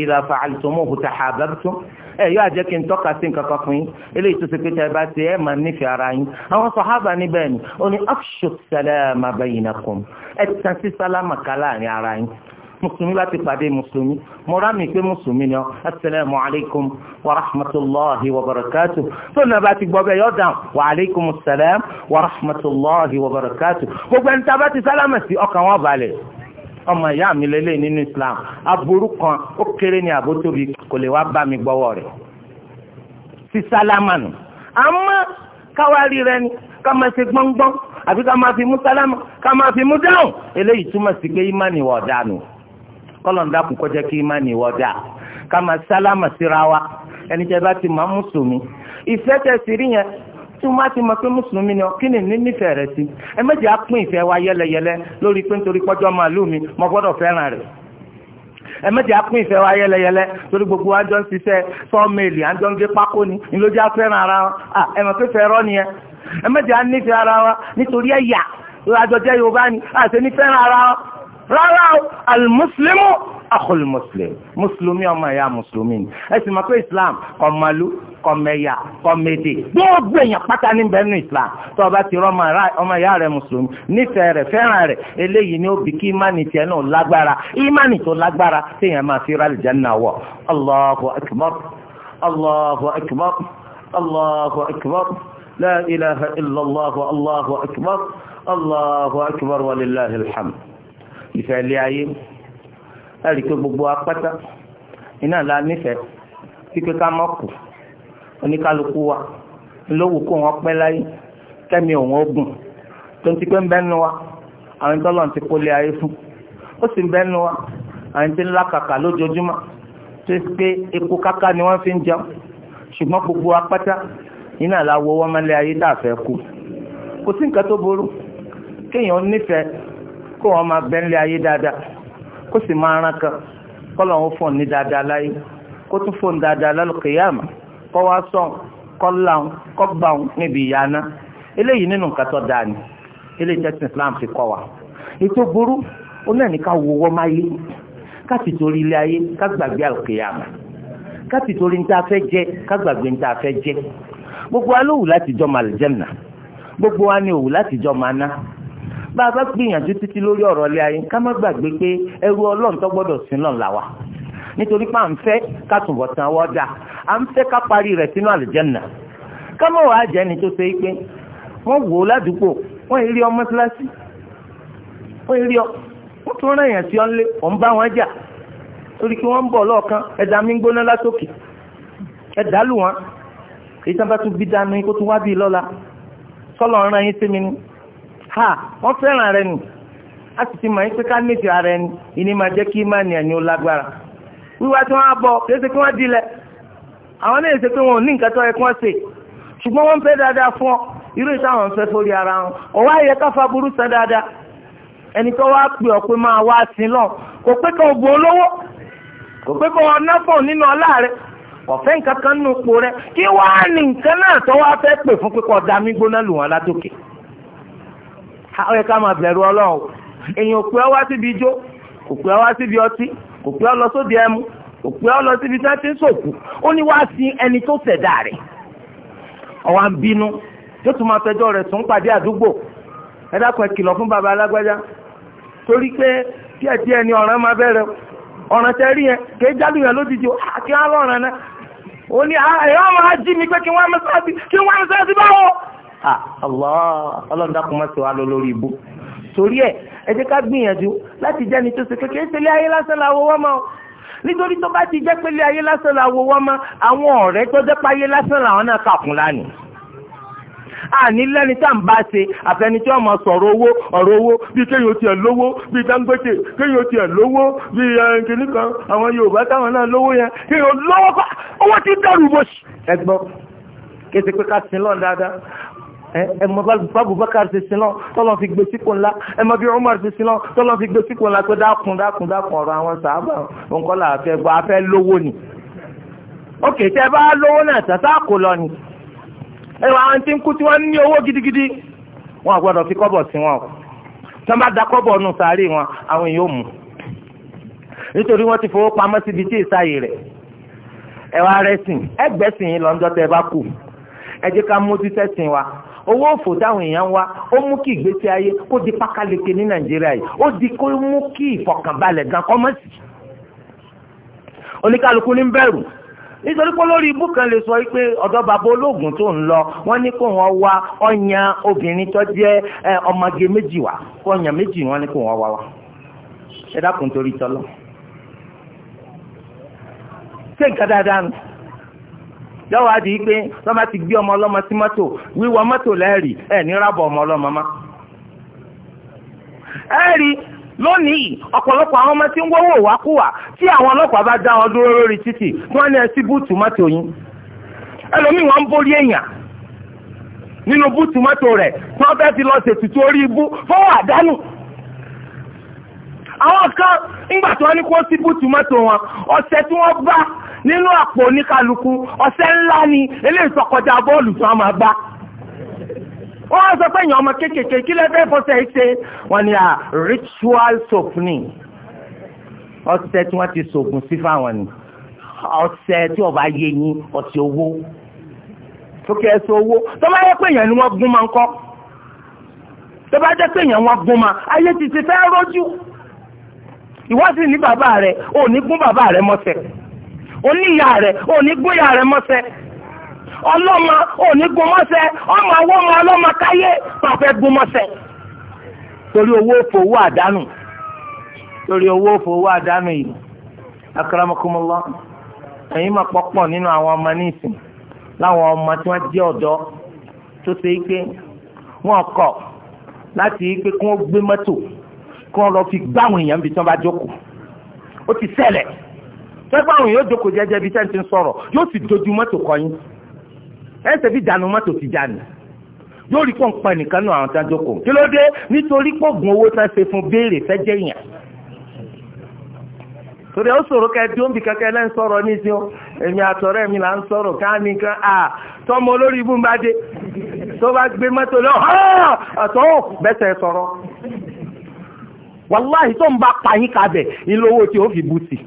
idha fa'altumuhu tahabbtum ẹ yóò àjẹ́ kí n tọ́ka sí nǹkan kan fún yín eléyìí tó ti pété ẹ bá ti ẹ máa nífẹ̀ẹ́ ara yín àwọn sàhábà níbẹ̀ ni ó ní afṣu salama baynakum ẹ tàn sí sálámà ká láàrin ara yín mùsùlùmí bá ti pàdé mùsùlùmí mo rá mi pé mùsùlùmí ni ọ asalaamu alaykum wa rahmatulahi wa barakatu tó nà bá ti gbọ́ bẹ́ẹ̀ yọ dáhùn wa alaykum salaam wa rahmatulahi wa barakatu gbogbo ẹni tá a bá ti sálámà sí ọkàn wọn balẹ̀ ọmọ ìyá mi lélẹ̀ nínú islam aburú kan ó kéré ní àbótóbi kò lè wá bá mi gbọ́wọ́ rẹ̀ sí sálámà nù àmọ́ káwárí rẹ ni ká máa ṣe gbọ́ngbọ́n àbí ká máa fi mú sálámà ká máa fi mú dáhùn eléyìí túmọ̀ sí pé ìmánìwọ̀ dànù kọ́lọ́n dákun kó jẹ́ kí ìmánì wọ́ dáa ká máa sálámà síra wa ẹni tẹ́ bá ti máa mùsùlùmí ìfẹ́ tẹ̀ sí yẹn tí wọ́n ti mọ̀ pé mùsùlùmí ni kí ni nífẹ̀ẹ́ rẹ̀ sí ẹ méjì á pín ìfẹ́ wa yẹlẹyẹlẹ lórí pé nítorí pọ́jọ́ màálù mi mo gbọ́dọ̀ fẹ́ràn rẹ̀ ẹ méjì á pín ìfẹ́ wa yẹlẹyẹlẹ lórí gbogbo àjọ ń ṣiṣẹ́ sọ́ọ̀mẹ́lì àjọ ń gé pákó ni ìlójú afẹ́ràn ara wa ẹ mọ̀ pé fẹ́rọ́ ni ẹ ẹ méjì á nífẹ̀ẹ́ ara wa nítorí ẹ̀yà àjọjẹ́ Yorùbá ni àṣẹ nífẹ̀ẹ́ ara wọn rárá alimuslimu akọlù muslim mùsùlùmí ọmọ ẹ̀yà mùsùlùmí ni ẹ sì mọ̀ pé islam kọmọlú kọmẹyà kọmẹdè gbogbo èèyàn pátá ní bẹ́ẹ̀ nù islam tó o bá ti rọ ọmọ ẹ̀yà rẹ mùsùlùmí nífẹ̀ẹ́ rẹ fẹ́ràn rẹ eléyìí ni ó bí kí ìmánì tiẹ̀ náà lágbára ìmánì tó lágbára téèyàn máa fi rálì jẹ́ nà wọ̀ allahu akbar allahu akbar allahu akbar la ilaha illallah allahu akbar allahu akbar wa lillahi alhamd. ìfẹ́ ilé ayé gbogbo apáta iná la nífẹ̀ẹ́ pípé ká mọ́ oníkálukú wa lówù kó wọn pẹ́ láyé kẹ́mi òun ogun tó ń ti pé ń bẹ́nu wa àwọn tọ́lọ̀ ti kó lé ayé fún ó sì ń bẹ́nu wa àwọn tí ń lákàkà lójoojúmọ́ tó ń pé ni wọ́n fi ń jẹun ṣùgbọ́n gbogbo apáta iná la wo wọ́n mọ́lé ayé tá a fẹ́ kú kò sí nǹkan tó kó wọn máa bẹ́ńlẹ̀ ayé dáadáa kó sì máa rán kan kọ́lọ̀ ń fún ní dáadáa láyé kó tún fún dáadáa lálùkìyàmù kọ́ wá sọ̀n kọ́ làwọn kọ́ bá wọn níbi ìyáná eléyìí nínú nǹkan tó dáa ni eléyìí tẹ́sí Islam ti kọ́ wa ètò burú ó náà ní ká wo wọ́n máa yé ká torí ilé ayé ká gbàgbé àlùkìyàmù ká sì torí níta fẹ́ jẹ ká gbàgbé níta fẹ́ jẹ gbogbo wa ló wù láti jọ màlìjẹ́nà gbogbo wa ni òwù láti jọ màá ná bá a bá gbìyànjú títí lórí ọ̀rọ̀ ilé ayé ká má gbàgbé pé ẹrú ọlọ́run tó gbọ́dọ̀ sí náà là wà nítorí pé à ń fẹ́ ká túnbọ̀ tán ọwọ́ dà à ń fẹ́ ká parí rẹ̀ sínú àlùjẹ́nà ká má wàá jẹ́ ni tó ṣe é pé wọ́n wò ó ládùúgbò wọ́n rí ọmọ síláṣí wọ́n rí ọ wọ́n tún rán èèyàn sí ọ lé òun bá wọn jà torí kí wọ́n ń bọ̀ lọ́ọ̀kan ẹ̀dá mi ń gbóná látòkè ẹ̀dá lù wọ́n èyí tí wọ́n bá tún bí dánú kó tún wá bí lọ́la sọ́lọ́ ń rán yín sí mi ni wọ́n fẹ́ràn rẹ nù a sì ti mọ̀ pé ká ara ẹni ìní máa jẹ́ kí má nìyẹn ní ó lágbára wíwá tí wọ́n á bọ̀ kì í ṣe kí wọ́n àwọn náà ṣe pé wọn ò ní nǹkan tó yẹ kí wọn ṣe ṣùgbọ́n wọ́n ọ irú sórí wọn káfa burú dáadáa ẹni tó wá pè ọ. pé máa wá sí lọ kò pé kò pé nínú ọlá rẹ ọ̀fẹ́ nǹkan kan nù po rẹ kí ní nǹkan náà tó wá fẹ́ pè fún pé gbóná lù látòkè. ó yẹ ká máa bẹ̀rù ọlọ́run èèyàn òpè ọ síbi ijó kò pè síbi ọtí kò pè sóde ẹmu ọ síbi si sòkù ó ní wàá sin ẹni tó ṣẹ̀dá rẹ̀ ọ̀wá ń bínú tó tún máa fẹjọ́ rẹ̀ pàdé àdúgbò ẹ dákun fún baba alágbájá torí pé ni ọ̀ràn máa bẹ̀rẹ̀ ọ̀ràn tẹ rí yẹn kì í jálù yẹn lójijì kí wọ́n lọ́ràn náà ó ní ah, máa jí mi pé kí wọ́n ọlọ́run dákun má ṣe wá lọ lórí ibú torí ẹ̀ ẹ jẹ́ ká gbìyànjú láti jẹ́ni tó ṣe kékeré sílé ayé lásán làwọn wọ́n mọ́ nítorí tó bá ti jẹ́ pélé ayé lásán làwọn wọ́n mọ́ àwọn ọ̀rẹ́ tó jẹ́ páyé lásán làwọn náà kàkún lánìí àní lẹ́ni tá n bá ṣe àfẹni tí wọ́n mọ sọ̀rọ̀ owó ọ̀rọ̀ owó bí kéyìn tiẹ̀ lówó bí Dangote kéyìn tiẹ̀ lówó bí ẹnkìní kan àwọn Yorùbá lówó yẹn kéyìn ẹmọ bábùbákà ti sin náà tọ́lọ́ fi gbé sípò ńlá ẹmọ bí Umar ti sin náà tọ́lọ́ fi gbé sípò ńlá pé dákun dákun dákun ọ̀rọ̀ àwọn sàábà nǹkan là fẹ́ gbọ́ afẹ́ lówó ni. ókè tẹ́ bá lówó náà tàtà kò lọ ni ẹwà àwọn tí ń kú tí wọ́n ní owó gidigidi wọn à gbọ́dọ̀ fi kọ́bọ̀ sí wọn o tí wọ́n bá da kọ́bọ̀ nù sàárè wọn àwọn èèyàn mú nítorí wọ́n ti fowó pamọ́ síbi tí ìsáyè rẹ̀ ẹwà rẹ̀ sìn ẹgbẹ́ sìn yín lọ́njọ́ tẹ́ bá kù ẹ jẹ́ ká mójútẹ́sìn wa owó òfò táwọn èèyàn ń wá ó mú kí ìgbésí ayé kó di pákáleke ní nàìjíríà yìí ó di kó mú kí ìfọkànbalẹ̀ gan kọ́mọ́sì oníkálukú ní nítorí pé lórí ibú kan lè sọ pé ọ̀dọ́ bàbá olóògùn tó ń lọ wọ́n ní kó wọ́n wá ọ̀yàn obìnrin tó ọmọge méjì wá kó ọ̀yàn méjì yọ̀wọ́ adi pé lọ́mọ ti gbé ọmọ ọlọ́mọ sí mọ́tò wíwọ mọ́tò lẹ́ẹ̀rì ẹ̀ ní rábọ̀ ọmọ ọlọ́mọ má. ẹ̀rí lónìí ọ̀pọ̀lọpọ̀ àwọn ọmọ tí ń wọ́wọ́ wákúwà tí àwọn ọlọ́pàá bá dá wọn lórí títì tí wọ́n ní ẹsí búùtù mọ́tò yín ń borí èèyàn nínú búùtù mọ́tò rẹ̀ tí wọ́n fẹ́ẹ́ fi lọ orí ibú àdánù àwọn kan ńgbà tí wọ́n ní nínú àpò oníkálukú ọ̀sẹ̀ ńlá ni eléyìí tó kọjá bọ́ọ̀lù tó a máa gbá wọ́n á sọ pé èèyàn ọmọ kéékèèké kí lẹ́fẹ́ fọ́sẹ̀ ṣe wọ́n ní à ritual soap ni ọ̀sẹ̀ tí wọ́n ti sògùn sí fáwọn ni ọ̀sẹ̀ tí ọba yé yín ọ̀sẹ̀ owó tókè ẹsẹ̀ owó tó bá yẹ pé èèyàn ni wọ́n gún máa ń kọ́ tó jẹ́ pé èèyàn wọ́n gún máa ayé ti ti fẹ́ rójú ìwọ́sìn ní bàbá rẹ̀ ò gún bàbá rẹ̀ mọ́sẹ̀. oníyà rẹ̀ òní gbóyà rẹ̀ mọ́sẹ̀ ọlọ́mọ òní mọ́sẹ̀ ọmọ àwọn ọmọ ọlọ́mọ káyé pàfẹ́ gun mọ́sẹ̀ torí owó fowó àdánù torí owó fowó àdánù yìí akaramakumọlọ ẹ̀yin máa pọpọ nínú àwọn ọmọ nísìn láwọn ọmọ tí wọ́n jẹ́ ọ̀dọ́ tó ṣe é pé wọ́n kọ̀ láti pé kí wọ́n gbé mọ́tò kí wọ́n lọ fi gbáwọn èèyàn bí tí wọ́n bá jókòó ó ti ṣẹlẹ̀. tẹ́gbà àwọn yóò jókòó jẹ́jẹ́ bí tẹ́ ti ń sọ̀rọ̀ yóò sì dojú mọ́tò kọyín ẹsẹ̀ bí dànù mọ́tò ti já ni yóò rí pọ̀n pa nìkan náà àwọn tájọ́ kò kí ló dé nítorí pọ̀gùn owó tá a ṣe fún béèrè fẹ́ jẹ́ yàn torí ó sọ̀rọ̀ kẹ́ dúró bí kẹ́kẹ́ lẹ́ ń sọ̀rọ̀ ní sí ọ́ èmi àtọ̀rẹ́ mi là ń sọ̀rọ̀ ká nìkan tọmọ olórí ibú bá dé tó bá gbé mọ́tò lọ oh! wàláhì tó ń bá pa yín kabẹ̀ ìlówó tí ó fi bù sí i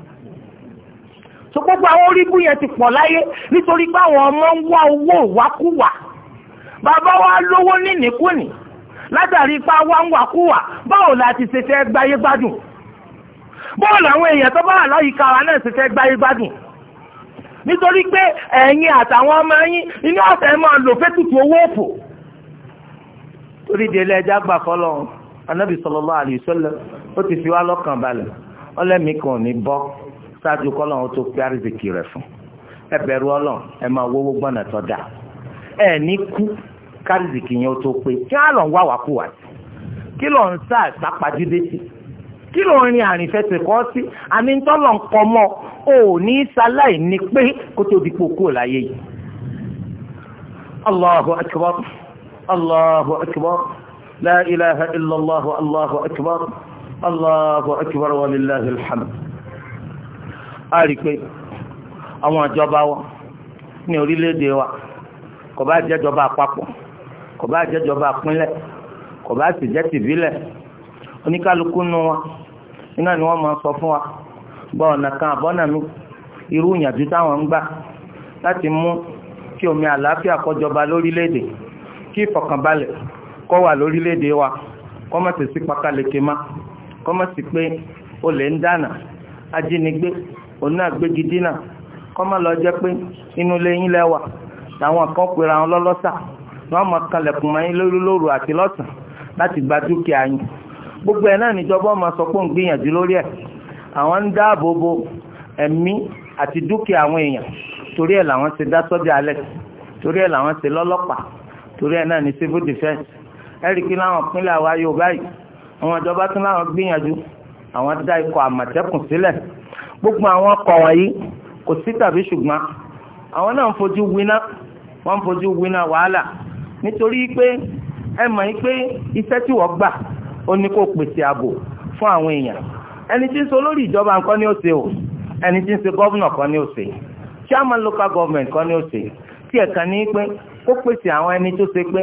so gbogbo àwọn orígbó yẹn ti pọ̀ láyé nítorí pé àwọn ọmọ ń wá owó ìwákúwà bàbá wa lówó nínìkúnì látàrí ipá wa ń wàkúwà báwo la ti ṣe fẹ́ gbáyé gbádùn bọ́ọ̀lù àwọn èèyàn tó bá wà láyìíká wa náà ṣe fẹ́ gbáyé gbádùn nítorí pé ẹ̀yin àtàwọn ọmọ yín inú ọ̀sẹ̀ máa lò fẹ́tùtù owó òfò torí délé ẹja gbà fọlọ́ anábì sallallahu alaihi wasallam ó ti fi wá lọ́kàn balẹ̀ ọlẹ́mìí ò ní bọ́ ṣáájú kọ́lọ́run tó pé àrísìkì rẹ̀ fún ẹ bẹ̀rù ọlọ́run ẹ máa wówó gbọ́nà tó dáa ẹ ní kú kárìsìkì yẹn ó tó pé kí á lọ ń wá wàkúwà sí kí ló ń sá àpàjúdé sí kí ló ń rin àrìnfẹsẹ̀ kọ́ sí àní tọ́lọ̀ ń kọ́ mọ́ ò ní sáláì ní pé kó tó di kókó láyé yìí. Allahu akbar Allahu akbar la ilaha illallah Allahu akbar Allahu akbar wa a rí pé àwọn ìjọba wa ní orílẹ̀-èdè wa kò bá jẹ́jọba àpapọ̀ kò bá jẹ́jọba àpínlẹ̀ kò bá sì jẹ́ tìbílẹ̀ oníkálukú nu wa iná ni wọ́n máa sọ fún wa bọ́ ọ̀nà kan àbọ́nà mi irú ìyànjú táwọn ń gbà láti mú kí omi àlàáfíà kó jọba lórílẹ̀-èdè kí ìfọ̀kànbalẹ̀ kó wà lórílẹ̀-èdè wa kó má sì sí pakaleke má kó má pé olè ń dànà ajínigbé òun náà gbégi dínà kọ́mọ lọ jẹ́ pé inú ilé yín lẹ́wà làwọn kan pera wọn lọ́lọ́sà wọ́n mọ kalẹ̀kùn mọ́ yín lórí lóru àti lọ́sàn láti gba dúkìá yín gbogbo ẹ̀ náà níjọba ọmọ sọ pé ń gbìyànjú lórí ẹ̀ àwọn ń dáàbò bo ẹ̀mí àti dúkìá àwọn èèyàn torí ẹ̀ làwọn ṣe dá sọ́jà alẹ́ torí ẹ̀ làwọn ṣe lọ́lọ́pàá torí ẹ̀ náà ní civil defence ẹ̀rí kí láwọn pínlẹ̀ àwa Yorùbá yìí àwọn ìjọba tún láwọn gbìyànjú àwọn dá ikọ̀ àmọ̀tẹ́kùn sílẹ̀ gbogbo àwọn ọkọ̀ wọ̀nyí kò sí tàbí ṣùgbọ́n àwọn náà ń fojú winá wọ́n ń fojú winá wàhálà nítorí pé ẹ mọ̀ yí pé iṣẹ́ tí wọ́n gbà ó ní kó pèsè ààbò fún àwọn èèyàn ẹni tí ń ṣe olórí ìjọba nǹkan ni ó o ẹni tí ń ṣe gọ́vùnà kan ni ó chairman local government kan ni ó ṣe tí ẹ̀ka ní pé kó pèsè àwọn ẹni tó ṣe pé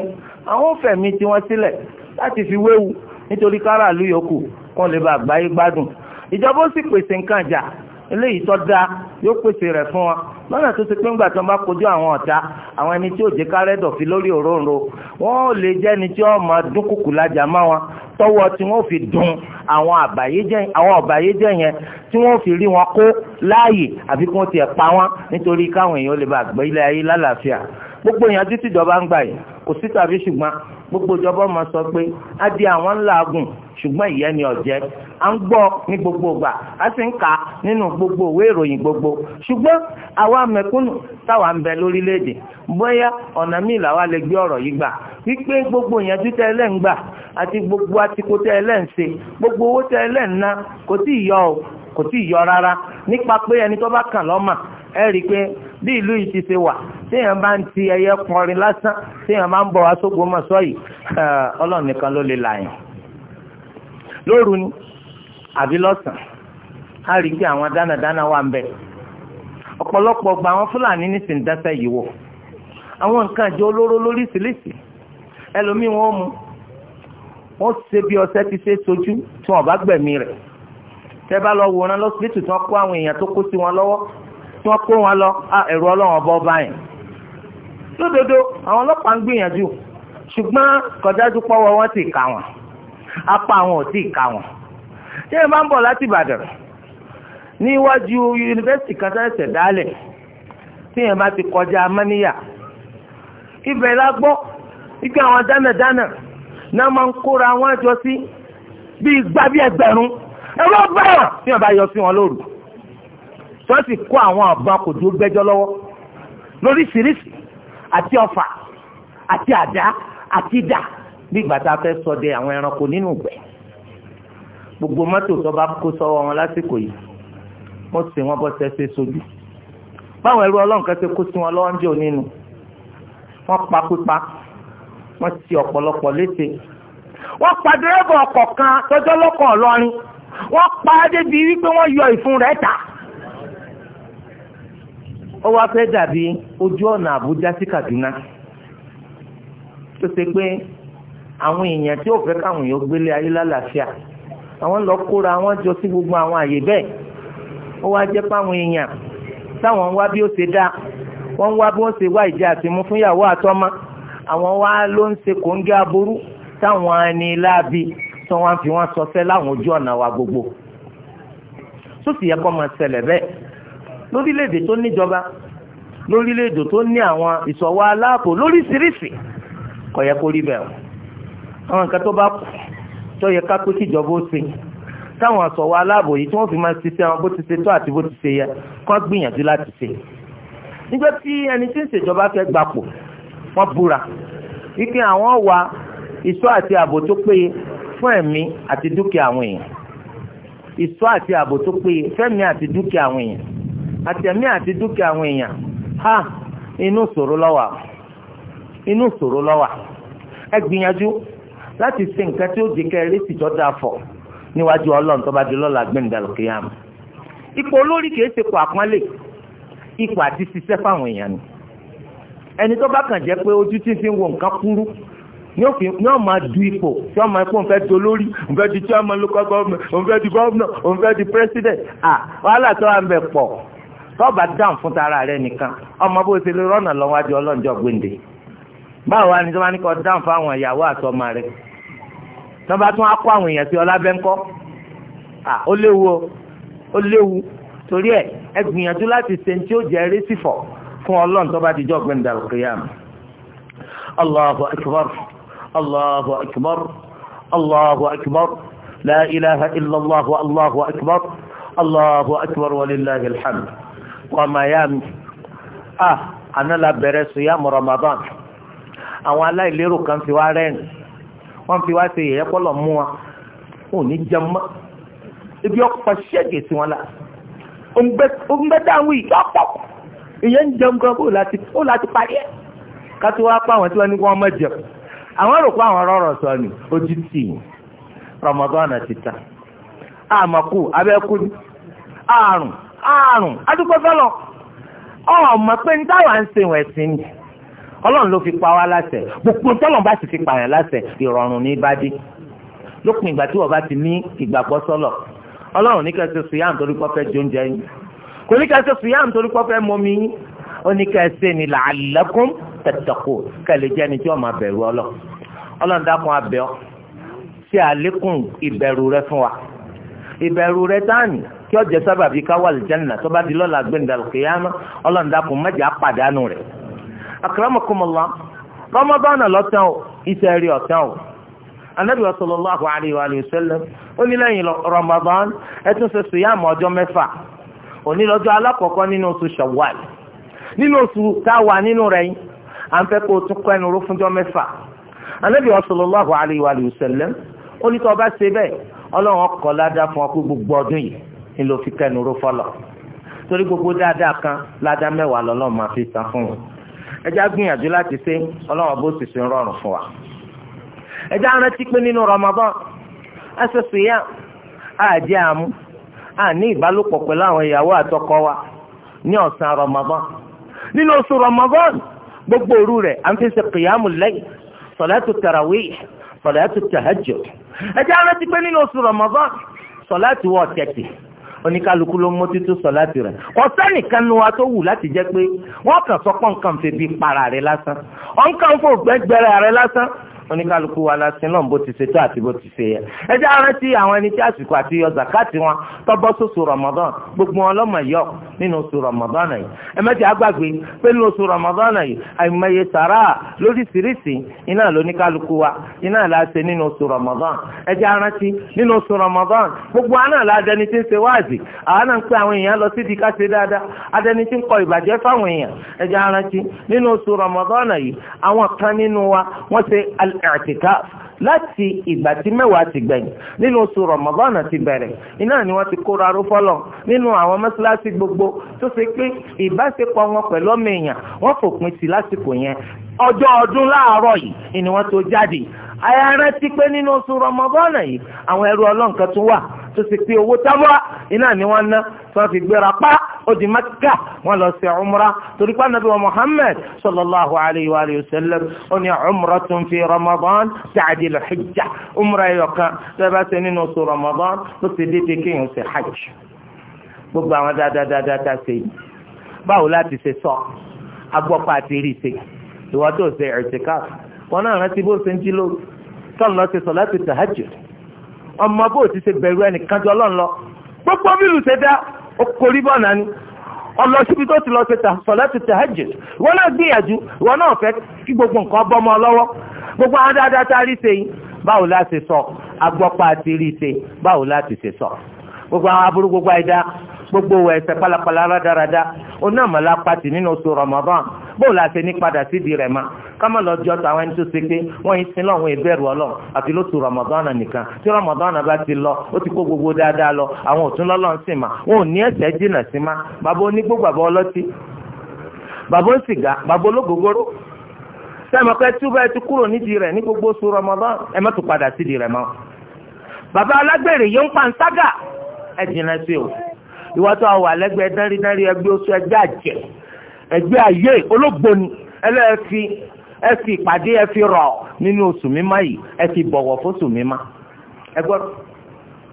àwọn òfẹ̀mí tí wọ́n sílẹ̀ láti fi wéwu nítorí káràlú yòókù kó lè bá àgbáyé gbádùn ìjọba ó sì pèsè nǹkan jà eléyìí tó dáa yóò pèsè rẹ̀ fún wa lọ́nà tó ti pé ńgbà tó ń bá kojú àwọn ọ̀tá àwọn ẹni tí ò jẹ́ kárẹ́ dọ̀fi lórí òróǹro wọ́n ò lè jẹ́ ẹni tí ọmọ dúnkùkù lájà má wọn tọwọ́ tí wọ́n fi dùn àwọn àbáyéjẹ́ yẹn tí wọ́n fi rí wọn kó láàyè àfi kí wọ́n tiẹ̀ pa wọn nítorí káwọn èèyàn lè bá gbé ilé ayé lálàáfíà gbogbo èèyàn títí ìjọba ń gbà yìí kò sí tàbí ṣùgbọ́n gbogbo ìjọba máa sọ pé a di àwọn ńlá agùn ṣùgbọ́n ìyẹn ni ọ̀jẹ́ a ń gbọ́ ní gbogbo ìgbà a sì ń kà nínú gbogbo ìwé ìròyìn gbogbo ṣùgbọ́n àwa mẹ̀kúnnù táwa ń bẹ lórílẹ̀‐èdè bóyá ọ̀nà míì làwa lè gbé ọ̀rọ̀ yìí gbà wípé gbogbo gbogbo ẹlẹ́ ń ṣe gbogbo owó ẹlẹ́ ń ná kò tí ì yọ kò tí ì yọ rárá nípa pé ẹni tó bá kàn lọ́mà ẹ rí i pé bí ìlú yìí ti ṣe wà téèyàn bá ń ti ẹyẹ kọrin lásán téèyàn bá ń bọ̀ aṣọ́gbó mọ̀ sọ́yì eh, ọlọ́run nìkan ló lè làyàn. lóru ni àbí lọ́sàn àwọn dánadáná wà ń bẹ̀. ọ̀pọ̀lọpọ̀ gba àwọn fúlàní nísìnyí dáṣẹ́ yìí àwọn nǹkan àjọ olóró wọn mu. wọn ṣe bí ọṣẹ ti ṣe sojú tí wọn bá rẹ̀ lọ wọ́n kó lódodo àwọn ọlọ́pàá ń gbìyànjú ṣùgbọ́n kọjájú pọ́wọ́ wọn ti kà wọ́n apá àwọn ò tí ì kà wọ́n tí ẹ bá ń bọ̀ láti Ìbàdàn níwájú yunifásitì kan ṣẹ̀ṣẹ̀ dálẹ̀ tí ẹ bá ti kọjá amáníyà ibẹ̀ la gbọ́ ike àwọn dánadáná náà máa ń kóra wọn jọ sí bíi gbá bíi ẹgbẹ̀rún ẹ̀rọ bẹ́ẹ̀ tí ẹ bá yọ sí wọn lóru wọ́n sì kó àwọn àbọn kò gbẹ́jọ́ lọ́wọ́ lóríṣiríṣi àti ọfà àti àdá àti ìdà bí ìgbà tá a fẹ́ ṣọdẹ àwọn ẹranko nínú ìgbẹ́ gbogbo mọ́tò tó bá kó sọ́wọ́ wọn lásìkò yìí wọ́n sì wọ́n bọ́ sẹ́sẹ́ sojú báwọn ẹrú ọlọ́run kan ṣe kó sí wọn lọ́wọ́ ń jò nínú wọ́n pa pípa wọ́n ti ọ̀pọ̀lọpọ̀ léṣe wọ́n pa dẹ́rẹ́bà ọkọ̀ kan tọ́jọ́ lọ́kọ̀ ọlọ́rin wọ́n pa á débi wípé wọ́n yọ ìfun rẹ̀ ta ó wá fẹ́ dàbí ojú ọ̀nà àbújá sí kaduna tó ṣe pé àwọn èèyàn tí ò fẹ́ káwọn èèyàn gbélé ayé lálàáfíà àwọn lọ kóra wọn jọ sí gbogbo àwọn àyè bẹ́ẹ̀ ó wá jẹ́ páwọn èèyàn táwọn ń wá bí ó ṣe dá wọ́n ń wá bí wọ́n ṣe wá ìjà àtìmú fúnyàwó àtọ́mọ́ àwọn wá ló ń ṣe kòńgẹ́ aburú táwọn ẹni láabi tí wọ́n fi wọ́n sọ fẹ́ láwọn ojú ọ̀nà wa gbogbo tó sì yẹ kó máa ṣẹlẹ̀ bẹ́ẹ̀ lórílẹ̀-èdè tó níjọba lórílẹ̀-èdè tó ní àwọn ìṣọ̀wọ́ aláàbò lóríṣiríṣi kò yẹ kó rí bẹ́ẹ̀ o àwọn nǹkan tó bá kù tó yẹ ká pé kíjọba ó ṣe táwọn ìṣọ̀wọ́ aláàbò yìí tí wọ́n fi máa ṣiṣẹ́ àwọn bó ti ṣe tó àti bó ti ṣe yẹ kó gbìyànjú láti ṣe nígbà tí ẹni tí ń ṣèjọba fẹ́ gbapò wọ́n búra wípé àwọn wà ìṣọ́ àti ààbò tó péye fún ẹ̀mí àti dúkìá àwọn èèyàn ìṣọ́ àti ààbò tó péye fẹ́mi àti dúkìá àwọn èèyàn àtẹ̀mí àti dúkìá àwọn èèyàn ha inú ṣòro lọ́wà inú ṣòro lọ́wà ẹ gbìyànjú láti ṣe nǹkan tí ó di kẹrì sì tọ́ da fọ̀ níwájú ọlọ́run tó bá di lọ́la gbẹ̀ndàlùkìyàm ipò olórí kìí ṣe kó àpọ́nlé ipò àti ṣiṣẹ́ fáwọn èèyàn ni ẹni tó bá kàn jẹ́ pé ojú tí fi ń wo nǹkan kúrú yóò máa du ipò tí wọ́n máa kó nfẹ́ di olórí nfẹ́ di chairman local government nfẹ́ di governor nfẹ́ di president ah wàhálà tó wà ń bẹ̀ pọ̀ tọ́ba dáhùn fún tara rẹ nìkan ọmọ bó ṣe lè rọ́nà lọ́wájú ọlọ́njọ́ gbèǹde báwo wá ní tí wọ́n ní kọ́ dáhùn fún àwọn ìyàwó àtọmọ rẹ tọ́ba tún á kó àwọn èèyàn sí ọlábẹ́ńkọ́ à ó léwu ó léwu torí ẹ ẹ gbìyànjú láti ṣe ní tí ó jẹ eré sífọ̀ fún ọlọ́run tọ́ba ti jọ́ gbẹ̀ǹdà Allahu akbar Allahu akbar Allahu akbar la ilaha illallah Allahu akbar Allahu akbar wa lillahi alhamd. Kwa miami ah àná la bẹ̀rẹ̀ suyam Ramadan àwọn aláìlérò kan fi wá rẹ́rìn wọ́n fi wá ṣe yẹ̀yẹ́ pọ́lọ̀ mú wa wọn ò ní jẹun mọ́ ibi ọ̀pọ̀ ṣẹ́gẹ̀ sí wọn la òǹgbẹ́dá àwọn ìjọ pọ̀ ìyẹn ń jẹun gan bó láti parí ẹ̀ ká tó wá pa àwọn tí wọ́n ní kí wọ́n mọ̀ jẹun àwọn rò pé àwọn rọrọ̀ sọ ni ojú tì í Ramadan ti ta àmọ́kù abẹ́kú àrùn àrùn adúgbò fọlọ́ ọmọ pé ní táwa ń ṣe wọ̀n ẹ̀sìn ni ọlọ́run ló fi pa wá láṣẹ gbogbo tọ́lọ̀ bá sì fi pààyàn láṣẹ ìrọ̀rùn ní bá dé lópin ìgbà tí wọ́n bá ti ní ìgbàgbọ́ sọ́lọ̀ ọlọ́run ní kẹsẹ̀ sùyà nítorí pọ́ fẹ́ jóúnjẹ yín kò ní kẹsẹ̀ sùyà nítorí pọ́ fẹ́ mọmi yín ó ní kẹsẹ̀ ni làálẹ́kùn tẹ̀tẹ̀kù kẹlẹ̀ jẹ́ ni tí wọ́n máa bẹ̀rù ọlọ́ ọlọ́run dákun abẹ́ ọ ṣe àlékún ìbẹ̀rù rẹ fún wa ìbẹ̀rù rẹ táàní kí ọjọ́ sábàbí ká wà lìjánà tó bá di lọ́la gbẹ̀ndàlù kìyàmá ọlọ́ndàkùn mẹ́jọ apàdánù rẹ̀. akramakumullah rọmọbọ́nà lọ́tàn o iṣẹ́ rí ọ̀tàn o anabi sallallahu alayhi wa sallam ó ní lẹ́yìn rọmọbọ́n ẹ ṣe sùyàmù ọjọ́ mẹ́fà òní alákọ̀ọ́kọ́ nínú oṣù shawwal nínú oṣù táwa nínú rẹ̀ à ń fẹ́ kó o tún kọ́ ẹnu ró mẹ́fà anabi sallallahu alayhi wa sallam ó ní bá ṣe bẹ́ẹ̀ ọlọ́run ọkọ̀ ládàá fún ọ gbogbo ọdún yìí ńlọ fi kẹnu ró fọlọ torí gbogbo dáadáa kan ládàá mẹ́wàá lọ́lọ́run máa fi san fún wọn ẹjá gbìyànjú láti ṣe ọlọ́run bó sì ṣe ń rọrùn fún wa ẹjá rántí pé nínú Ramadan ẹsẹ̀ sùúyà àjẹ àmú àní ìbálòpọ̀ pẹ̀lú àwọn ìyàwó àtọkọ wa ní ọ̀sán Ramadan nínú oṣù Ramadan gbogbo òru rẹ̀ à ń fi ṣe kìyàmù lẹ́yìn sọ̀lẹ́tù tarawih sọ̀lẹ́tù tahajjud ẹjá rántí pé nínú oṣù Ramadan sọ̀lẹ́tù wọ̀ tẹ̀tì oníkálukú ló mójútó sọ láti rẹ̀ kò sẹ́nìkan nu wa tó wù láti jẹ́ pé wọ́n kàn sọ pọ́n fèbí para rẹ̀ lásán ọ̀nkàn fò gbẹ́gbẹ́rẹ́ rẹ̀ lásán oníkálukú wa la sin náà bó ti ṣe tó àti bó ti ṣe yẹ ẹ jẹ́ arántí àwọn ẹni tí àsìkò àti yọ zakati wọn tọ́bọ́ sóṣù rọmọdán gbogbo wọn lọ́mọ yọ nínú oṣù rọmọdán yìí ẹ mẹ́tì àgbàgbé pé nínú oṣù rọmọdán yìí àìmọye sàrà lóríṣiríṣi iná lóníkálukú wa iná la ṣe nínú oṣù rọmọdán ẹ jẹ́ arántí nínú oṣù rọmọdán gbogbo àná la dẹni tí ń ṣe wáàzì àánà ń pé àwọn èèyàn lọ sí di ká ṣe dáadáa adẹni tí ń kọ ìbàjẹ́ fáwọn èèyàn ẹ jẹ́ arántí nínú oṣù rọmọdán yìí àwọn kan nínú wa wọ́n ṣe al-i'tikaf láti ìgbà tí mẹ́wàá ti gbẹ̀yìn nínú oṣù Ramadan ti bẹ̀rẹ̀ iná ni wọ́n ti kóra aró fọ́lọ̀ nínú àwọn mọ́ṣáláṣí gbogbo tó ṣe pé ìbáṣepọ̀ wọn pẹ̀lú ọmọ èèyàn wọ́n fòpin sí lásìkò yẹn ọjọ́ ọdún láàárọ̀ yìí ni wọ́n tó jáde ayárántí pé nínú oṣù Ramadan yìí àwọn ẹrú ọlọ́nkan tún wà tó ṣe pé owó tábà iná ni wọ́n ná tí fi gbéra pa ó di Mẹ́kà wọ́n lọ sí umra torí pé anabi wa Muhammad sallallahu alayhi wa sallam ó ní umratun fi Ramadan ta'dil hijja umra ẹ̀yọ̀kan tẹ́ bá ṣe nínú oṣù Ramadan ló ti dé ti kéèyàn ṣe hajj gbogbo àwọn dáadáa ṣe yìí báwo láti ṣe sọ agbọ́pá àti rí ṣe ìwọ́n tó ṣe ẹ̀ṣẹ̀ká wọn náà rántí bó ṣe ń jí lóru tọ́n lọ ṣe sọ láti tahajjud ọmọ bó ti ṣe bẹ̀rù ẹnìkan jọ lọ́n lọ gbogbo bílù ṣe dá ó korí bọ́ náà ni ọlọ síbi tó ti lọ ṣe tà sọ̀látù tahajjud wọn náà gbìyànjú wọn náà fẹ́ kí gbogbo nǹkan bọ́mọ lọ́wọ́ gbogbo àwọn dáadáa tá a rí ṣe yìí báwo la ṣe sọ agbọ́pá àti rí ṣe báwo la ti ṣe sọ gbogbo àwọn aburú gbogbo àìdá gbogbo wa ẹsẹ̀ pálapàla rádaràda oná àmàlà pàtì nínú oṣù Ramadan bóò la ṣe ní padà sídìí rẹ̀ ma kámọ́ lọ jọ tàwọn ẹni tó ṣe pé wọ́n yìí sin lọ́wọ́ ìbẹ̀rù ọlọ́run àti lóṣù Ramadan nìkan tí Ramadan bá ti lọ ó ti kó gbogbo dáadáa lọ àwọn òtún lọ́lọ́run sì mà wọn ò ní ẹ̀ṣẹ̀ jìnnà sí ma bàbá onígbògbàbọ̀ ọlọ́tí bàbá sìgá bàbá ológógóró sẹ́mi ọ̀pẹ́ tí ó bá ti kúrò nídìí rẹ̀ ní gbogbo oṣù Ramadan ẹ má tún padà sídìí rẹ̀ mọ́. bàbá alágbèrè yóò ń pa ń ságà ẹ jìnnà sí o ìwà tó àwọn àlẹ́gbẹ́ dáridári ẹgbẹ́ oṣù ẹgbẹ́ àjẹ́ ẹgbẹ́ ayé olóògbóni ẹlẹ́ẹ̀fi ẹ̀fi ìpàdé ẹ̀fi rọ̀ nínú oṣù mímá yìí ẹ̀fi bọ̀wọ̀ fóṣù mímá ẹgbẹ́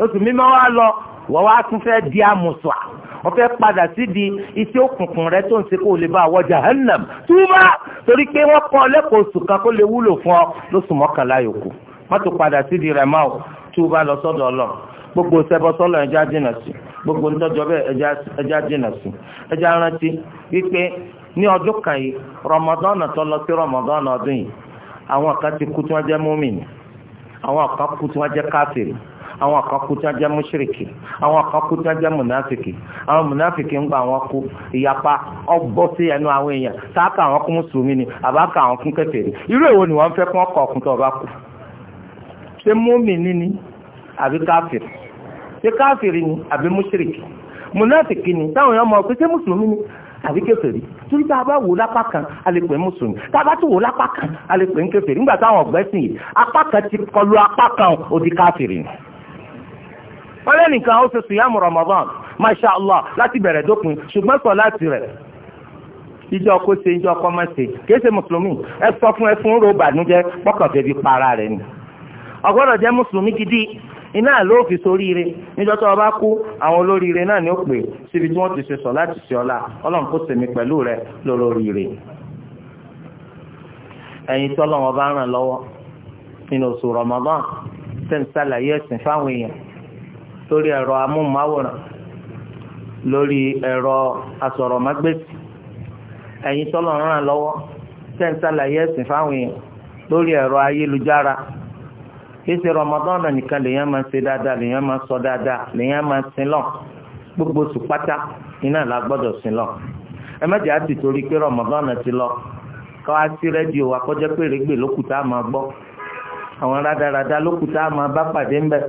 oṣù mímá wa lọ wọ́n wá tún fẹ́ di àmùsùà wọ́n fẹ́ padà sí di iṣẹ́ òkùnkùn rẹ tó ń ṣe kó o lè bá àwọ̀ jahannam túmọ̀ torí pé wọ́n kọ́ lẹ́kọ̀ọ́ oṣù kan kó lè wúlò fún ọ lóṣù mọ́kànlá yòókù má tó padà sí di rẹ̀ máa túbà lọ sọ́dọ̀ ọlọ́run gbogbo sẹbọsọlọ ẹja jìnnà sí gbogbo nítọjọ bẹ́ẹ̀ ẹja jìnnà sí ẹja rántí wípé ní ọdún kan yìí rọmọdọ́nà tó lọ sí rọmọdọ́nà ọdún yìí àwọn kan ti kú tí wọ́n jẹ́ múmìnì àwọn kan kú tí wọ́n jẹ́ káfíìrì àwọn kan kú tí wọ́n jẹ́ mùṣírìkì àwọn kan kú tí wọ́n jẹ́ mùnáfìkì àwọn mùnáfìkì ń gba àwọn kú ìyapa ọgbọ́ sí ẹnu àwọn èèyàn sáàkà àwọn kún mùsùlùmí ni àbá àwọn kún kèfèrí irú èwo ni wọ́n fẹ́ kí wọ́n kọ̀ tó ọba kú ṣé múmìnì ni àbí káfíìrì ṣé káfìrí ni àbí mùṣírìkì mùnáfìkì ni táwọn èèyàn mọ̀ pé ṣé mùsùlùmí ni àbí kèfèrí torí tá a bá wò lápá kan a lè pè mùsùlùmí tá a bá tún wò lápá kan a lè pè ń kèfèrí nígbà táwọn ọ̀gbẹ́sìn yìí apá kan ti kọlu apá kan ó di ni. wọ́n nìkan ó ṣe sùyàmù Ramadan masha allah láti bẹ̀rẹ̀ dópin ṣùgbọ́n sọ láti rẹ̀ ìjọ kó ṣe ìjọ kọ́ máa ṣe kìí ṣe mùsùlùmí ẹ sọ fún ẹ fún ròbà níjẹ pọ́kànfẹ́ bí para rẹ̀ ni ọgbọ́dọ̀ jẹ́ mùsùlùmí gidi iná ló fi soríire níjọ́ tó ọba kú àwọn olóríire náà ni ó pè síbi tí wọ́n ti ṣe sọ láti ṣe ọlá ọlọ́run kó sèmi pẹ̀lú rẹ lóríire ẹ̀yin tí ọlọ́run ọba ràn lọ́wọ́ nínú oṣù Ramadan tẹ́ ń ṣàlàyé ẹ̀sìn fáwọn èèyàn lórí ẹ̀rọ amóhùnmáwòrán lórí ẹ̀rọ asọ̀rọ̀mágbèsì ẹ̀yin tí ọlọ́run ràn lọ́wọ́ tẹ́ ń ṣàlàyé ẹ̀sìn fáwọn èèyàn lórí ẹ̀rọ ayélujára kése rọmọdọ́nà nìkan lèèyàn máa ṣe dada lèèyàn máa sọ dada lèèyàn ma sin gbogbo oṣù pátá la gbọ́dọ̀ sin lọ ẹ má jẹ́ àti ti lọ wa pé rẹ́gbẹ̀ lókùtà máa gbọ́ àwọn rádaràda lókùtà máa bá pàdé ńbẹ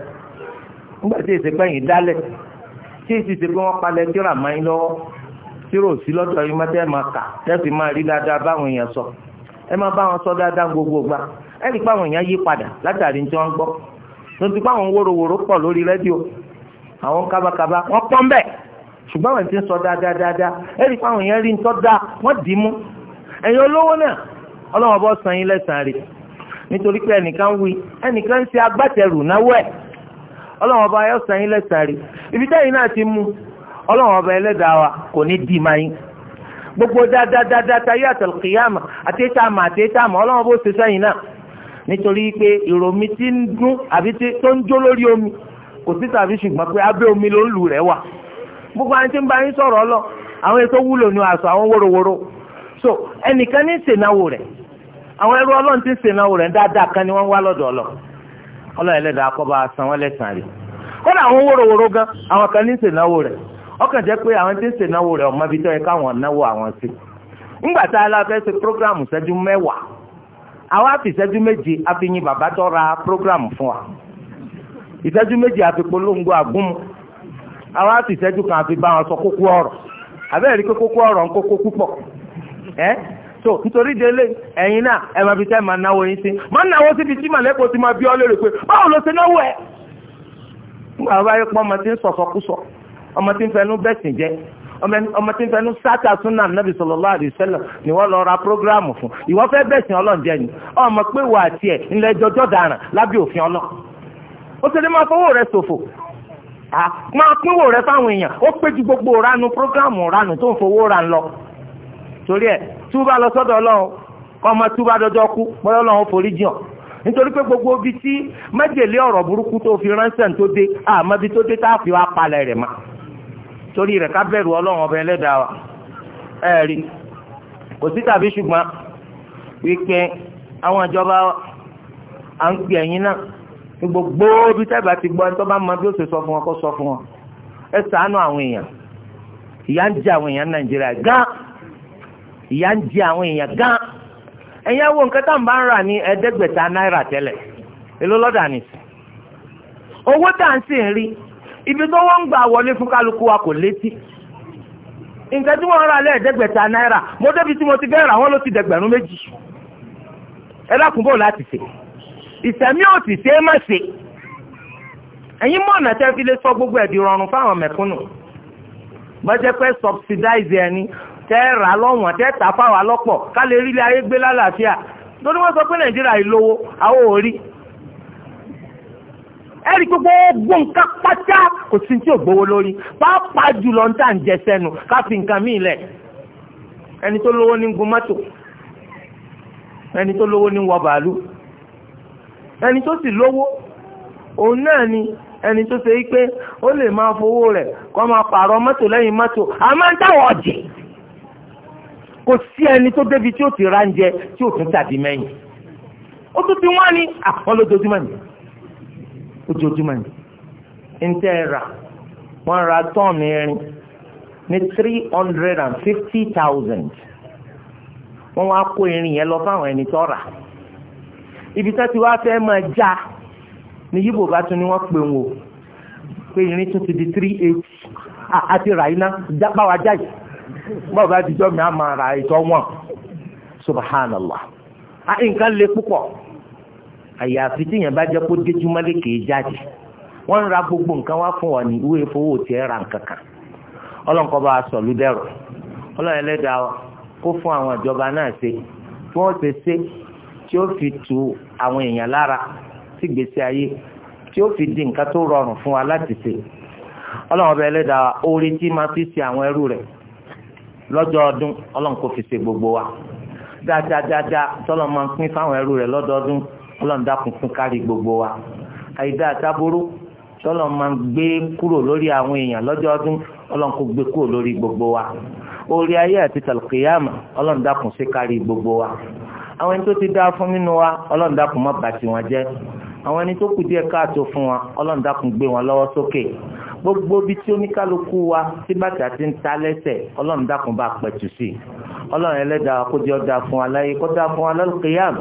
ti pé wọ́n palẹ̀ kíra ma ń fi sọ gbogbo gba. ẹ̀rí pé àwọn èèyàn yí padà látàrí tí wọ́n ń gbọ́ lórí pé àwọn wóróworó pọ̀ lórí rédíò àwọn kábàkábà wọ́n pọ́n bẹ́ẹ̀ ṣùgbọ́n àwọn ti ń sọ dáadáa ẹ̀rí pé èèyàn rí ń tọ́ da wọ́n dì í mú ẹ̀yin olówó náà ọlọ́wọ́n bọ́ san yín lẹ́sàn-án rẹ̀ nítorí pé ẹnìkan wí ẹnìkan ń ṣe agbátẹrù náwó ẹ̀ ọlọ́wọ́n bá yọ san yín lẹ́sàn-án rẹ̀ ibi tẹ́yìn náà ti mú ọlọ́wọ́n bá ẹlẹ́dàá wa kò ní dì máa yín gbogbo dáadáa dáadáa tayé àtàlùkìyàmà àti ètàmà àti ètàmà ọlọ́wọ́n bó ṣe sẹ́yìn náà nítorí pé ìròmí tí ń dún àbí tó ń jó lórí omi kò sí tàbí ṣùgbọ́n pé abẹ́ omi ló ń lù rẹ̀ wà gbogbo àwọn tí ń bá yín sọ̀rọ̀ lọ àwọn ètò wúlò ní àṣọ àwọn wóróworó so ẹnìkan ní ìsènáwó rẹ̀ àwọn ẹrú ọlọ́run ti ń sènáwó rẹ̀ dáadáa kan ni wọ́n wá lọ́dọ̀ ọlọ ọlọ́run ẹlẹ́dàá akọ́ba san lẹ́sàn-án rẹ̀ kódà àwọn gan àwọn kan ní ìsènáwó rẹ̀ ọkàn jẹ́ pé àwọn tí ń sènáwó rẹ̀ tó yẹ káwọn náwó àwọn sí tá a àwa fi ìṣẹ́jú méje a fi bàbá tó ra prógrámù fún wa méje a fi àgúnmu àwa fi kan a bá wọn sọ kókó ọ̀rọ̀ àbẹ́rẹ́ pé kókó ọ̀rọ̀ ń so nítorí délé ẹ̀yin náà ẹ máa fi tẹ́ máa náwó yín sí náwó síbi tí ti máa bí ọ pé báwo ló ṣe náwó ẹ̀ nígbà ọmọ ti ń sọ̀sọ̀kúsọ ọmọ ọmọ tí ń fẹnu sáta súnà nàbì sallallahu alaihi wasallam ni wọ́n lọ ra prógráàmù fún ìwọ fẹ́ bẹ̀sìn ọlọ́ọ̀jẹ́ ni ọmọ pé wà á tiẹ̀ ńlẹ̀ jọjọ́ dáràn lábẹ́ òfin ọlọ́ ó ti lè máa fowó rẹ̀ ṣòfò máa pínwó rẹ̀ fáwọn èèyàn ó pé ju gbogbo ranu prógráàmù ranu tó ń fowó ra lọ torí ẹ̀ túbà lọ sọ́dọ̀ ọlọ́run kọ́ ọmọ túbà dọjọ́ kú bọ́yọ́ ọlọ́run forí jìn nítorí pé gbogbo ibi tí májèlé ọ̀rọ̀ burúkú tó fi ránṣẹ́ tó dé àmọ́ ibi tó dé tá a fi wá palẹ̀ rẹ̀ máa. torí rẹ̀ ká bẹ̀rù ọlọ́run ọba ẹlẹ́dàá wa ẹ kò tàbí ṣùgbọ́n wípé àwọn ìjọba à ń pè ẹ̀yìn náà ní gbogbo bí tẹ́gbà ti gbọ́ ẹni tó bá mọ bí ó ṣe sọ fún wọn kó sọ fún wọn ẹ àwọn èèyàn ìyá ń àwọn èèyàn nàìjíríà gán ìyá ń àwọn èèyàn gán ẹ̀yìn àwọn nǹkan tá à ń bá ń rà ibi tó wọ́n ń gbà wọlé fún kálukú wa kò létí nǹkan tí wọ́n rà lẹ́ẹ̀ẹ́dẹ́gbẹ̀ta náírà mo débi tí mo ti fẹ́ rà wọ́n ló ti dẹgbẹ̀rún méjì ẹ dákun láti ṣe ìsẹ̀mí ò sì ṣe é má ṣe ẹ̀yin mọ̀nà tẹ́ fi lè sọ gbogbo ẹ̀dì rọrùn fáwọn mẹ̀kúnnù bọ́jẹ́ pé subsidize ẹni tẹ́ rà lọ́wọ́n tẹ́ tà fáwọn alọ́pọ̀ ká lè rí ilé ayé gbé lálàáfíà lórí wọ́n sọ pé nàìjíríà ìlówó àwọn ò rí ẹ̀rí gbogbo ogun pátá kò sí tí ò gbowó lórí pàápàá jùlọ ń tà ń ká fi nǹkan míì lẹ̀ ẹni tó lówó ní gun mọ́tò ẹni tó lówó ní wọ bàálù ẹni tó sì lówó òun náà ni ẹni tó ṣe pé ó lè máa fowó rẹ̀ kó máa pààrọ̀ mọ́tò lẹ́yìn mọ́tò ń ọ̀jẹ̀ kò sí ẹni tó débi tí ó ti ra ń jẹ tí ó tún tàbí mẹ́yìn ó tún ti ojoojúmọ́ ni ntẹ́ ẹ nra wọ́n ra tọ́ọ̀nù irin ní three hundred and fifty thousand wọ́n wá irin yẹn lọ fáwọn ẹni ibi tá ti wá fẹ́ máa já ni yíbo bá tún ni wọ́n pè wò pé irin tún ti di three eighty àti rà iná báwa já yìí báwa bá ti jọ́ mi á máa subhanallah nǹkan le púpọ̀. àyàfi tí yẹn bá jẹ́ kó déjúmọ́lé kìí jáde wọ́n ń ra gbogbo nǹkan wá fún ọ ní ìwé ìfowó tiẹ̀ ra nǹkan kan ọlọ́nkọ́ bá a sọ̀lú dẹ̀rọ ọlọ́run kó fún àwọn ìjọba náà ṣe tí wọ́n ṣe ṣe tí ó fi tu àwọn èèyàn lára sí gbèsè ayé tí ó fi di nǹkan tó rọrùn fún wa láti ṣe ọlọ́run ọba ẹlẹ́dàá orí tí máa fi ṣe àwọn ẹrú rẹ̀ lọ́jọ́ ọdún ọlọ́run fi ṣe gbogbo wa dáadáa dáadáa tọ́lọ́ máa pín fáwọn ẹrú rẹ̀ lọ́dọọdún ọlọ́run dákun fún kárí gbogbo wa àìdá àtàbúrú tọ́lọ́n máa ń gbé kúrò lórí àwọn èèyàn lọ́jọ́ ọdún ọlọ́run kò gbé kúrò lórí gbogbo wa orí ayé àti tàlùkìyàmà ọlọ́run dákun sí kárí gbogbo wa àwọn ẹni tó ti dá fún nínú wa ọlọ́run dákun má bà tiwọn jẹ́ àwọn ẹni tó kù díẹ̀ káàtó fún wa ọlọ́run dákun gbé wọn lọ́wọ́ sókè gbogbo bí tí oníkálukú wa tí bàtà ti ta lẹ́sẹ̀ ọlọ́run dákun bá pẹ̀tù sí ọlọ́run ẹlẹ́dàá kó jẹ́ ó dáa fún wa láyé kó dáa fún wa lálùkìyàmà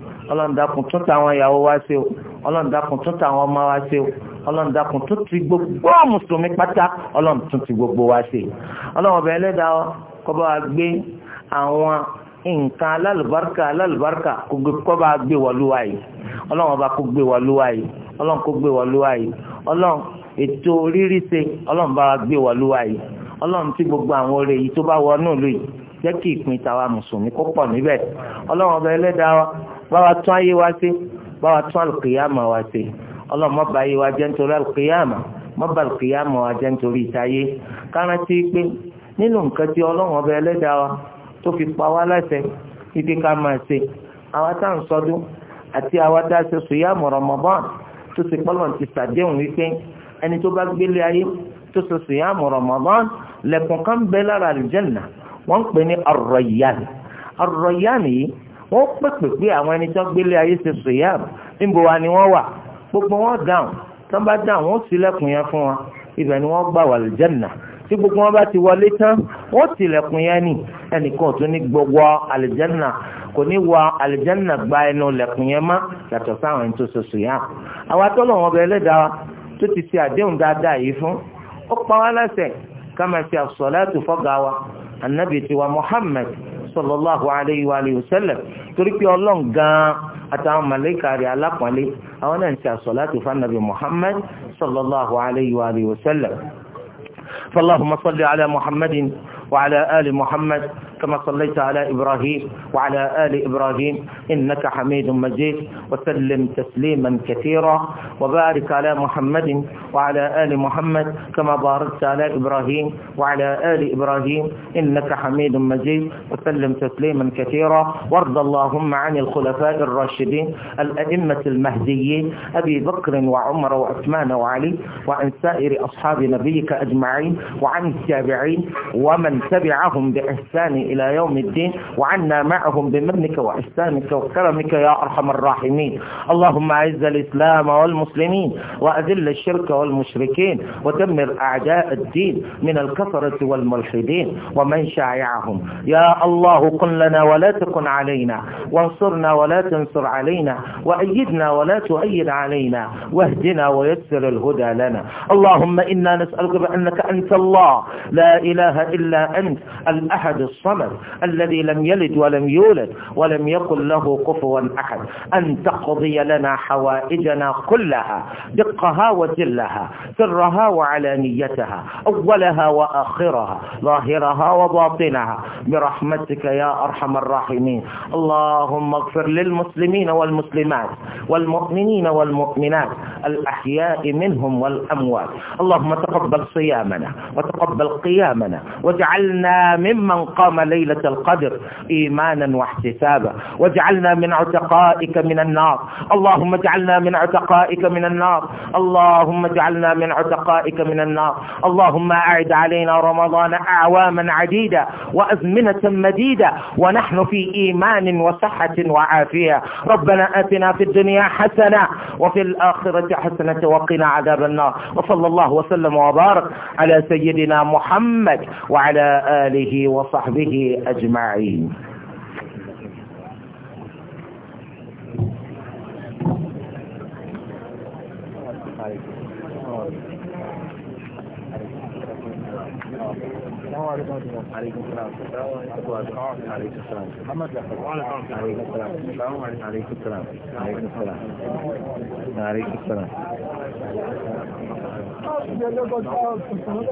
ọlọ́run dákun tún tàwọn ìyàwó wa ṣe o ọlọ́run dákun tún tàwọn ọmọ wa ṣe o ọlọ́run dákun tún ti gbogbo mùsùlùmí pátá ọlọ́run tún ti gbogbo wa ṣe ọlọ́run ọbẹ̀ ẹlẹ́dàá kó bá wa gbé àwọn nǹkan alálùbáríkà alálùbáríkà kó bá gbé wọlúwa yìí ọlọ́run ọba kó gbé wọlúwa yìí ọlọ́run kó gbé wọlúwa yìí ọlọ́run ètò rírí ṣe ọlọ́run bá wa gbé wọlúwa yìí ọlọ́run tí gbogbo àwọn oore yìí tó bá wọnú ìlú yìí jẹ́ kí ìpín tàwa mùsùlùmí kó pọ̀ níbẹ̀ ọlọ́run ọba ẹlẹ́dàá báwa tún ayé wa ṣe báwa tún alùkìyàmà wa ṣe ọlọ́run má bà ayé wa jẹ́ nítorí alùkìyàmà má bà alùkìyàmà wa jẹ́ nítorí ìtayé kárántí pé nínú nǹkan tí ọlọ́run ọba ẹlẹ́dàá wa tó fi pa wá láṣẹ títí ká máa ṣe àwa tá à ń sọdún àti àwa tá a ṣe sùyàmù Ramadan tó ṣe pọ́lọ̀ ti ṣàdéhùn wípé ẹni tó bá gbélé ayé tó ṣe sùyàmù Ramadan lẹ́kùn kan bẹ́ lára àlùjànnà wọ́n ń pè ní Ar-Rayyan Ar-Rayyan yìí wọ́n pèpè pé àwọn ẹni tó gbélé ayé ṣe sòyàm níbo wa ni wọ́n wà gbogbo wọn dáhùn tó ń bá dáhùn wọ́n tilẹ̀kùn yẹn fún wa ibẹ̀ ni wọ́n gbà wà lìjẹ́nà tí gbogbo wọn bá ti wọlé tán wọ́n tilẹ̀kùn yẹn ni ẹnìkan tó ní gbogbo àlìjẹ́nà kò ní wọ àlìjẹ́nà gba ẹnu lẹ̀kùn yẹn má yàtọ̀ sáwọn ẹni tó ṣe sòyàm àwa tọ́lọ̀ wọn bẹ ẹlẹ́dàá tó ti ṣe àdéhùn dáadáa yìí fún ó pa wá láṣẹ ká máa ṣe àṣọlá anabi tiwa muhammed sallallahu alayhi wa sallam torí pé ọlọ́run gan-an àtàwọn màlẹ́kà rẹ̀ alápọ̀nlé àwọn náà ń ṣe àsọ̀láàtì fanabi muhammed sallallahu alayhi wa sallam. فاللهم صل على محمد وعلى آل محمد كما صليت على إبراهيم وعلى آل إبراهيم إنك حميد مجيد وسلم تسليما كثيرا وبارك على محمد وعلى آل محمد كما باركت على إبراهيم وعلى آل إبراهيم إنك حميد مجيد وسلم تسليما كثيرا وارض اللهم عن الخلفاء الراشدين الأئمة المهديين أبي بكر وعمر وعثمان وعلي وعن سائر أصحاب نبيك أجمعين وعن التابعين ومن تبعهم بإحسان إلى يوم الدين وعنا معهم بمنك وإحسانك وكرمك يا أرحم الراحمين اللهم أعز الإسلام والمسلمين وأذل الشرك والمشركين ودمر أعداء الدين من الكفرة والملحدين ومن شايعهم يا الله قل لنا ولا تكن علينا وانصرنا ولا تنصر علينا وأيدنا ولا تؤيد علينا واهدنا ويسر الهدى لنا اللهم إنا نسألك بأنك أنت الله لا إله إلا أنت الأحد الصمد عمر الذي لم يلد ولم يولد ولم يكن له كفوا أحد أن تقضي لنا حوائجنا كلها دقها وجلها سرها وعلانيتها أولها وآخرها ظاهرها وباطنها برحمتك يا أرحم الراحمين اللهم اغفر للمسلمين والمسلمات والمؤمنين والمؤمنات الأحياء منهم والأموات اللهم تقبل صيامنا وتقبل قيامنا واجعلنا ممن قام ليلة القدر إيمانا واحتسابا واجعلنا من عتقائك من النار اللهم اجعلنا من عتقائك من النار اللهم اجعلنا من عتقائك من النار اللهم أعد علينا رمضان أعواما عديدة وأزمنة مديدة ونحن في إيمان وصحة وعافية ربنا أتنا في الدنيا حسنة وفي الآخرة حسنة وقنا عذاب النار وصلى الله وسلم وبارك على سيدنا محمد وعلى آله وصحبه وصحبه أجمعين عليكم السلام عليكم السلام عليكم السلام عليكم السلام عليكم السلام عليكم السلام